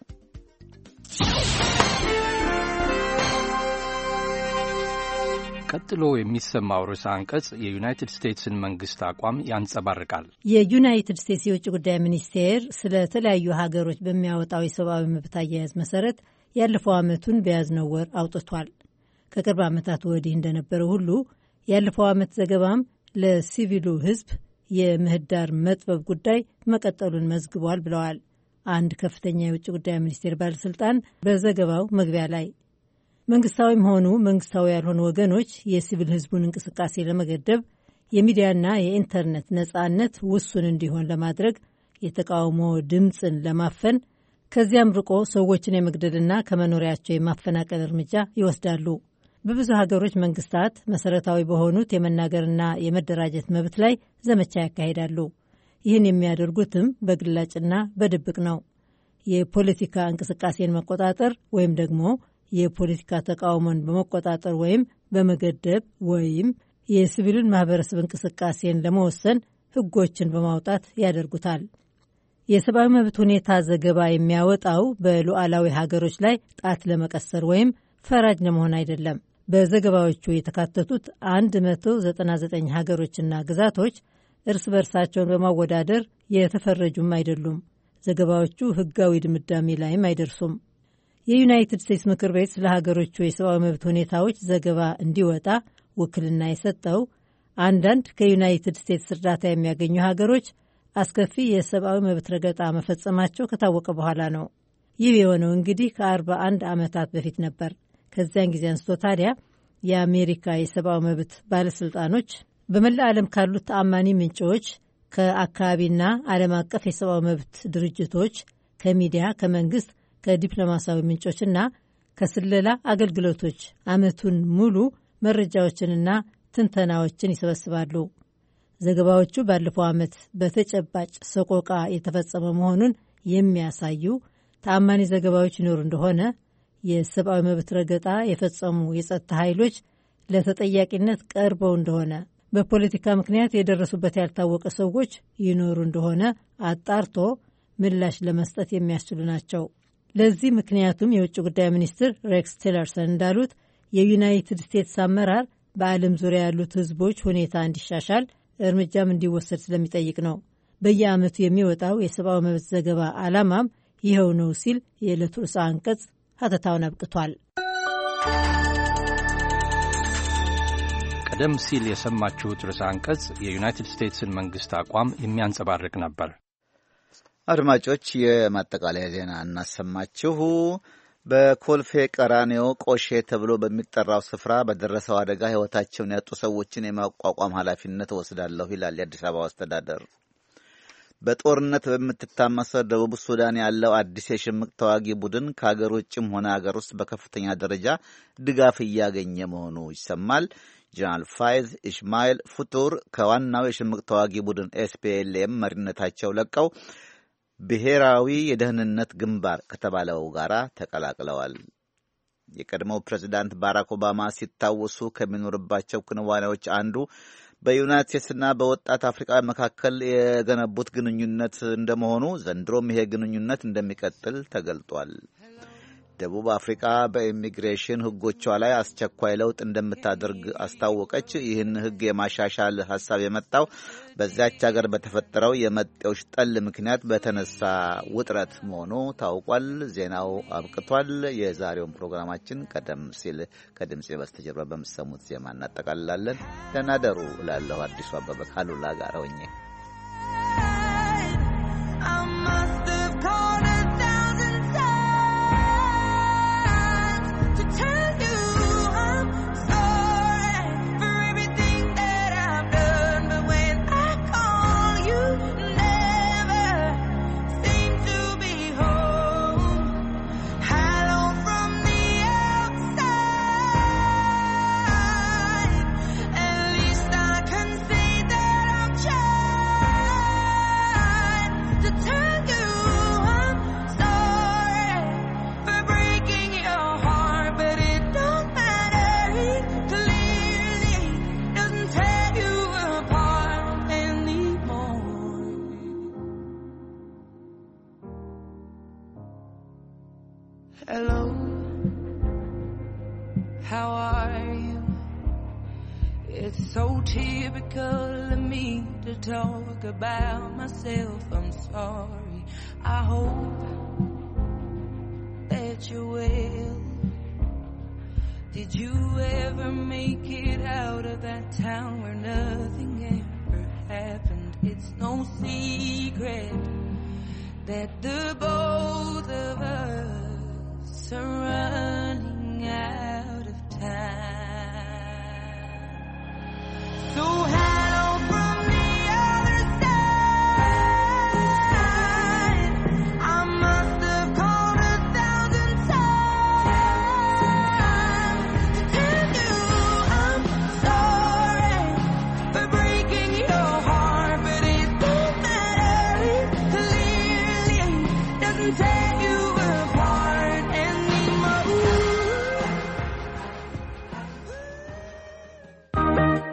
B: ቀጥሎ የሚሰማው ርዕሰ አንቀጽ የዩናይትድ ስቴትስን መንግስት አቋም ያንጸባርቃል።
E: የዩናይትድ ስቴትስ የውጭ ጉዳይ ሚኒስቴር ስለ ተለያዩ ሀገሮች በሚያወጣው የሰብአዊ መብት አያያዝ መሰረት ያለፈው ዓመቱን በያዝነው ወር አውጥቷል። ከቅርብ ዓመታት ወዲህ እንደነበረው ሁሉ ያለፈው ዓመት ዘገባም ለሲቪሉ ህዝብ የምህዳር መጥበብ ጉዳይ መቀጠሉን መዝግቧል ብለዋል አንድ ከፍተኛ የውጭ ጉዳይ ሚኒስቴር ባለሥልጣን በዘገባው መግቢያ ላይ መንግስታዊም ሆኑ መንግስታዊ ያልሆኑ ወገኖች የሲቪል ህዝቡን እንቅስቃሴ ለመገደብ የሚዲያና የኢንተርኔት ነጻነት ውሱን እንዲሆን ለማድረግ የተቃውሞ ድምፅን ለማፈን ከዚያም ርቆ ሰዎችን የመግደልና ከመኖሪያቸው የማፈናቀል እርምጃ ይወስዳሉ። በብዙ ሀገሮች መንግስታት መሰረታዊ በሆኑት የመናገርና የመደራጀት መብት ላይ ዘመቻ ያካሂዳሉ። ይህን የሚያደርጉትም በግላጭና በድብቅ ነው። የፖለቲካ እንቅስቃሴን መቆጣጠር ወይም ደግሞ የፖለቲካ ተቃውሞን በመቆጣጠር ወይም በመገደብ ወይም የሲቪሉን ማህበረሰብ እንቅስቃሴን ለመወሰን ህጎችን በማውጣት ያደርጉታል። የሰብአዊ መብት ሁኔታ ዘገባ የሚያወጣው በሉዓላዊ ሀገሮች ላይ ጣት ለመቀሰር ወይም ፈራጅ ለመሆን አይደለም። በዘገባዎቹ የተካተቱት 199 ሀገሮችና ግዛቶች እርስ በርሳቸውን በማወዳደር የተፈረጁም አይደሉም። ዘገባዎቹ ህጋዊ ድምዳሜ ላይም አይደርሱም። የዩናይትድ ስቴትስ ምክር ቤት ስለ ሀገሮቹ የሰብአዊ መብት ሁኔታዎች ዘገባ እንዲወጣ ውክልና የሰጠው አንዳንድ ከዩናይትድ ስቴትስ እርዳታ የሚያገኙ ሀገሮች አስከፊ የሰብአዊ መብት ረገጣ መፈጸማቸው ከታወቀ በኋላ ነው። ይህ የሆነው እንግዲህ ከ41 ዓመታት በፊት ነበር። ከዚያን ጊዜ አንስቶ ታዲያ የአሜሪካ የሰብአዊ መብት ባለሥልጣኖች በመላ ዓለም ካሉት ተአማኒ ምንጮች፣ ከአካባቢና ዓለም አቀፍ የሰብአዊ መብት ድርጅቶች፣ ከሚዲያ፣ ከመንግሥት ከዲፕሎማሲያዊ ምንጮችና ከስለላ አገልግሎቶች ዓመቱን ሙሉ መረጃዎችንና ትንተናዎችን ይሰበስባሉ። ዘገባዎቹ ባለፈው ዓመት በተጨባጭ ሰቆቃ የተፈጸመ መሆኑን የሚያሳዩ ተአማኒ ዘገባዎች ይኖሩ እንደሆነ የሰብአዊ መብት ረገጣ የፈጸሙ የጸጥታ ኃይሎች ለተጠያቂነት ቀርበው እንደሆነ በፖለቲካ ምክንያት የደረሱበት ያልታወቀ ሰዎች ይኖሩ እንደሆነ አጣርቶ ምላሽ ለመስጠት የሚያስችሉ ናቸው። ለዚህ ምክንያቱም የውጭ ጉዳይ ሚኒስትር ሬክስ ቲለርሰን እንዳሉት የዩናይትድ ስቴትስ አመራር በዓለም ዙሪያ ያሉት ህዝቦች ሁኔታ እንዲሻሻል እርምጃም እንዲወሰድ ስለሚጠይቅ ነው። በየዓመቱ የሚወጣው የሰብአዊ መብት ዘገባ ዓላማም ይኸው ነው ሲል የዕለቱ ርዕሰ አንቀጽ ሀተታውን አብቅቷል።
B: ቀደም ሲል የሰማችሁት ርዕሰ አንቀጽ የዩናይትድ ስቴትስን መንግሥት አቋም የሚያንጸባርቅ ነበር።
D: አድማጮች የማጠቃለያ ዜና እናሰማችሁ። በኮልፌ ቀራኔዮ ቆሼ ተብሎ በሚጠራው ስፍራ በደረሰው አደጋ ሕይወታቸውን ያጡ ሰዎችን የማቋቋም ኃላፊነት ወስዳለሁ ይላል የአዲስ አበባ አስተዳደር። በጦርነት በምትታመሰው ደቡብ ሱዳን ያለው አዲስ የሽምቅ ተዋጊ ቡድን ከአገር ውጭም ሆነ አገር ውስጥ በከፍተኛ ደረጃ ድጋፍ እያገኘ መሆኑ ይሰማል። ጀነራል ፋይዝ ኢስማኤል ፉቱር ከዋናው የሽምቅ ተዋጊ ቡድን ኤስፒኤልኤም መሪነታቸው ለቀው ብሔራዊ የደህንነት ግንባር ከተባለው ጋር ተቀላቅለዋል። የቀድሞው ፕሬዚዳንት ባራክ ኦባማ ሲታወሱ ከሚኖርባቸው ክንዋኔዎች አንዱ በዩናይት ስቴትስና በወጣት አፍሪቃ መካከል የገነቡት ግንኙነት እንደመሆኑ ዘንድሮም ይሄ ግንኙነት እንደሚቀጥል ተገልጧል። ደቡብ አፍሪካ በኢሚግሬሽን ህጎቿ ላይ አስቸኳይ ለውጥ እንደምታደርግ አስታወቀች። ይህን ህግ የማሻሻል ሀሳብ የመጣው በዚያች ሀገር በተፈጠረው የመጤዎች ጠል ምክንያት በተነሳ ውጥረት መሆኑ ታውቋል። ዜናው አብቅቷል። የዛሬውን ፕሮግራማችን ቀደም ሲል ከድምፅ በስተጀርባ በምሰሙት ዜማ እናጠቃልላለን። ደናደሩ እላለሁ አዲሱ አበበ ካሉላ ጋር ሆኜ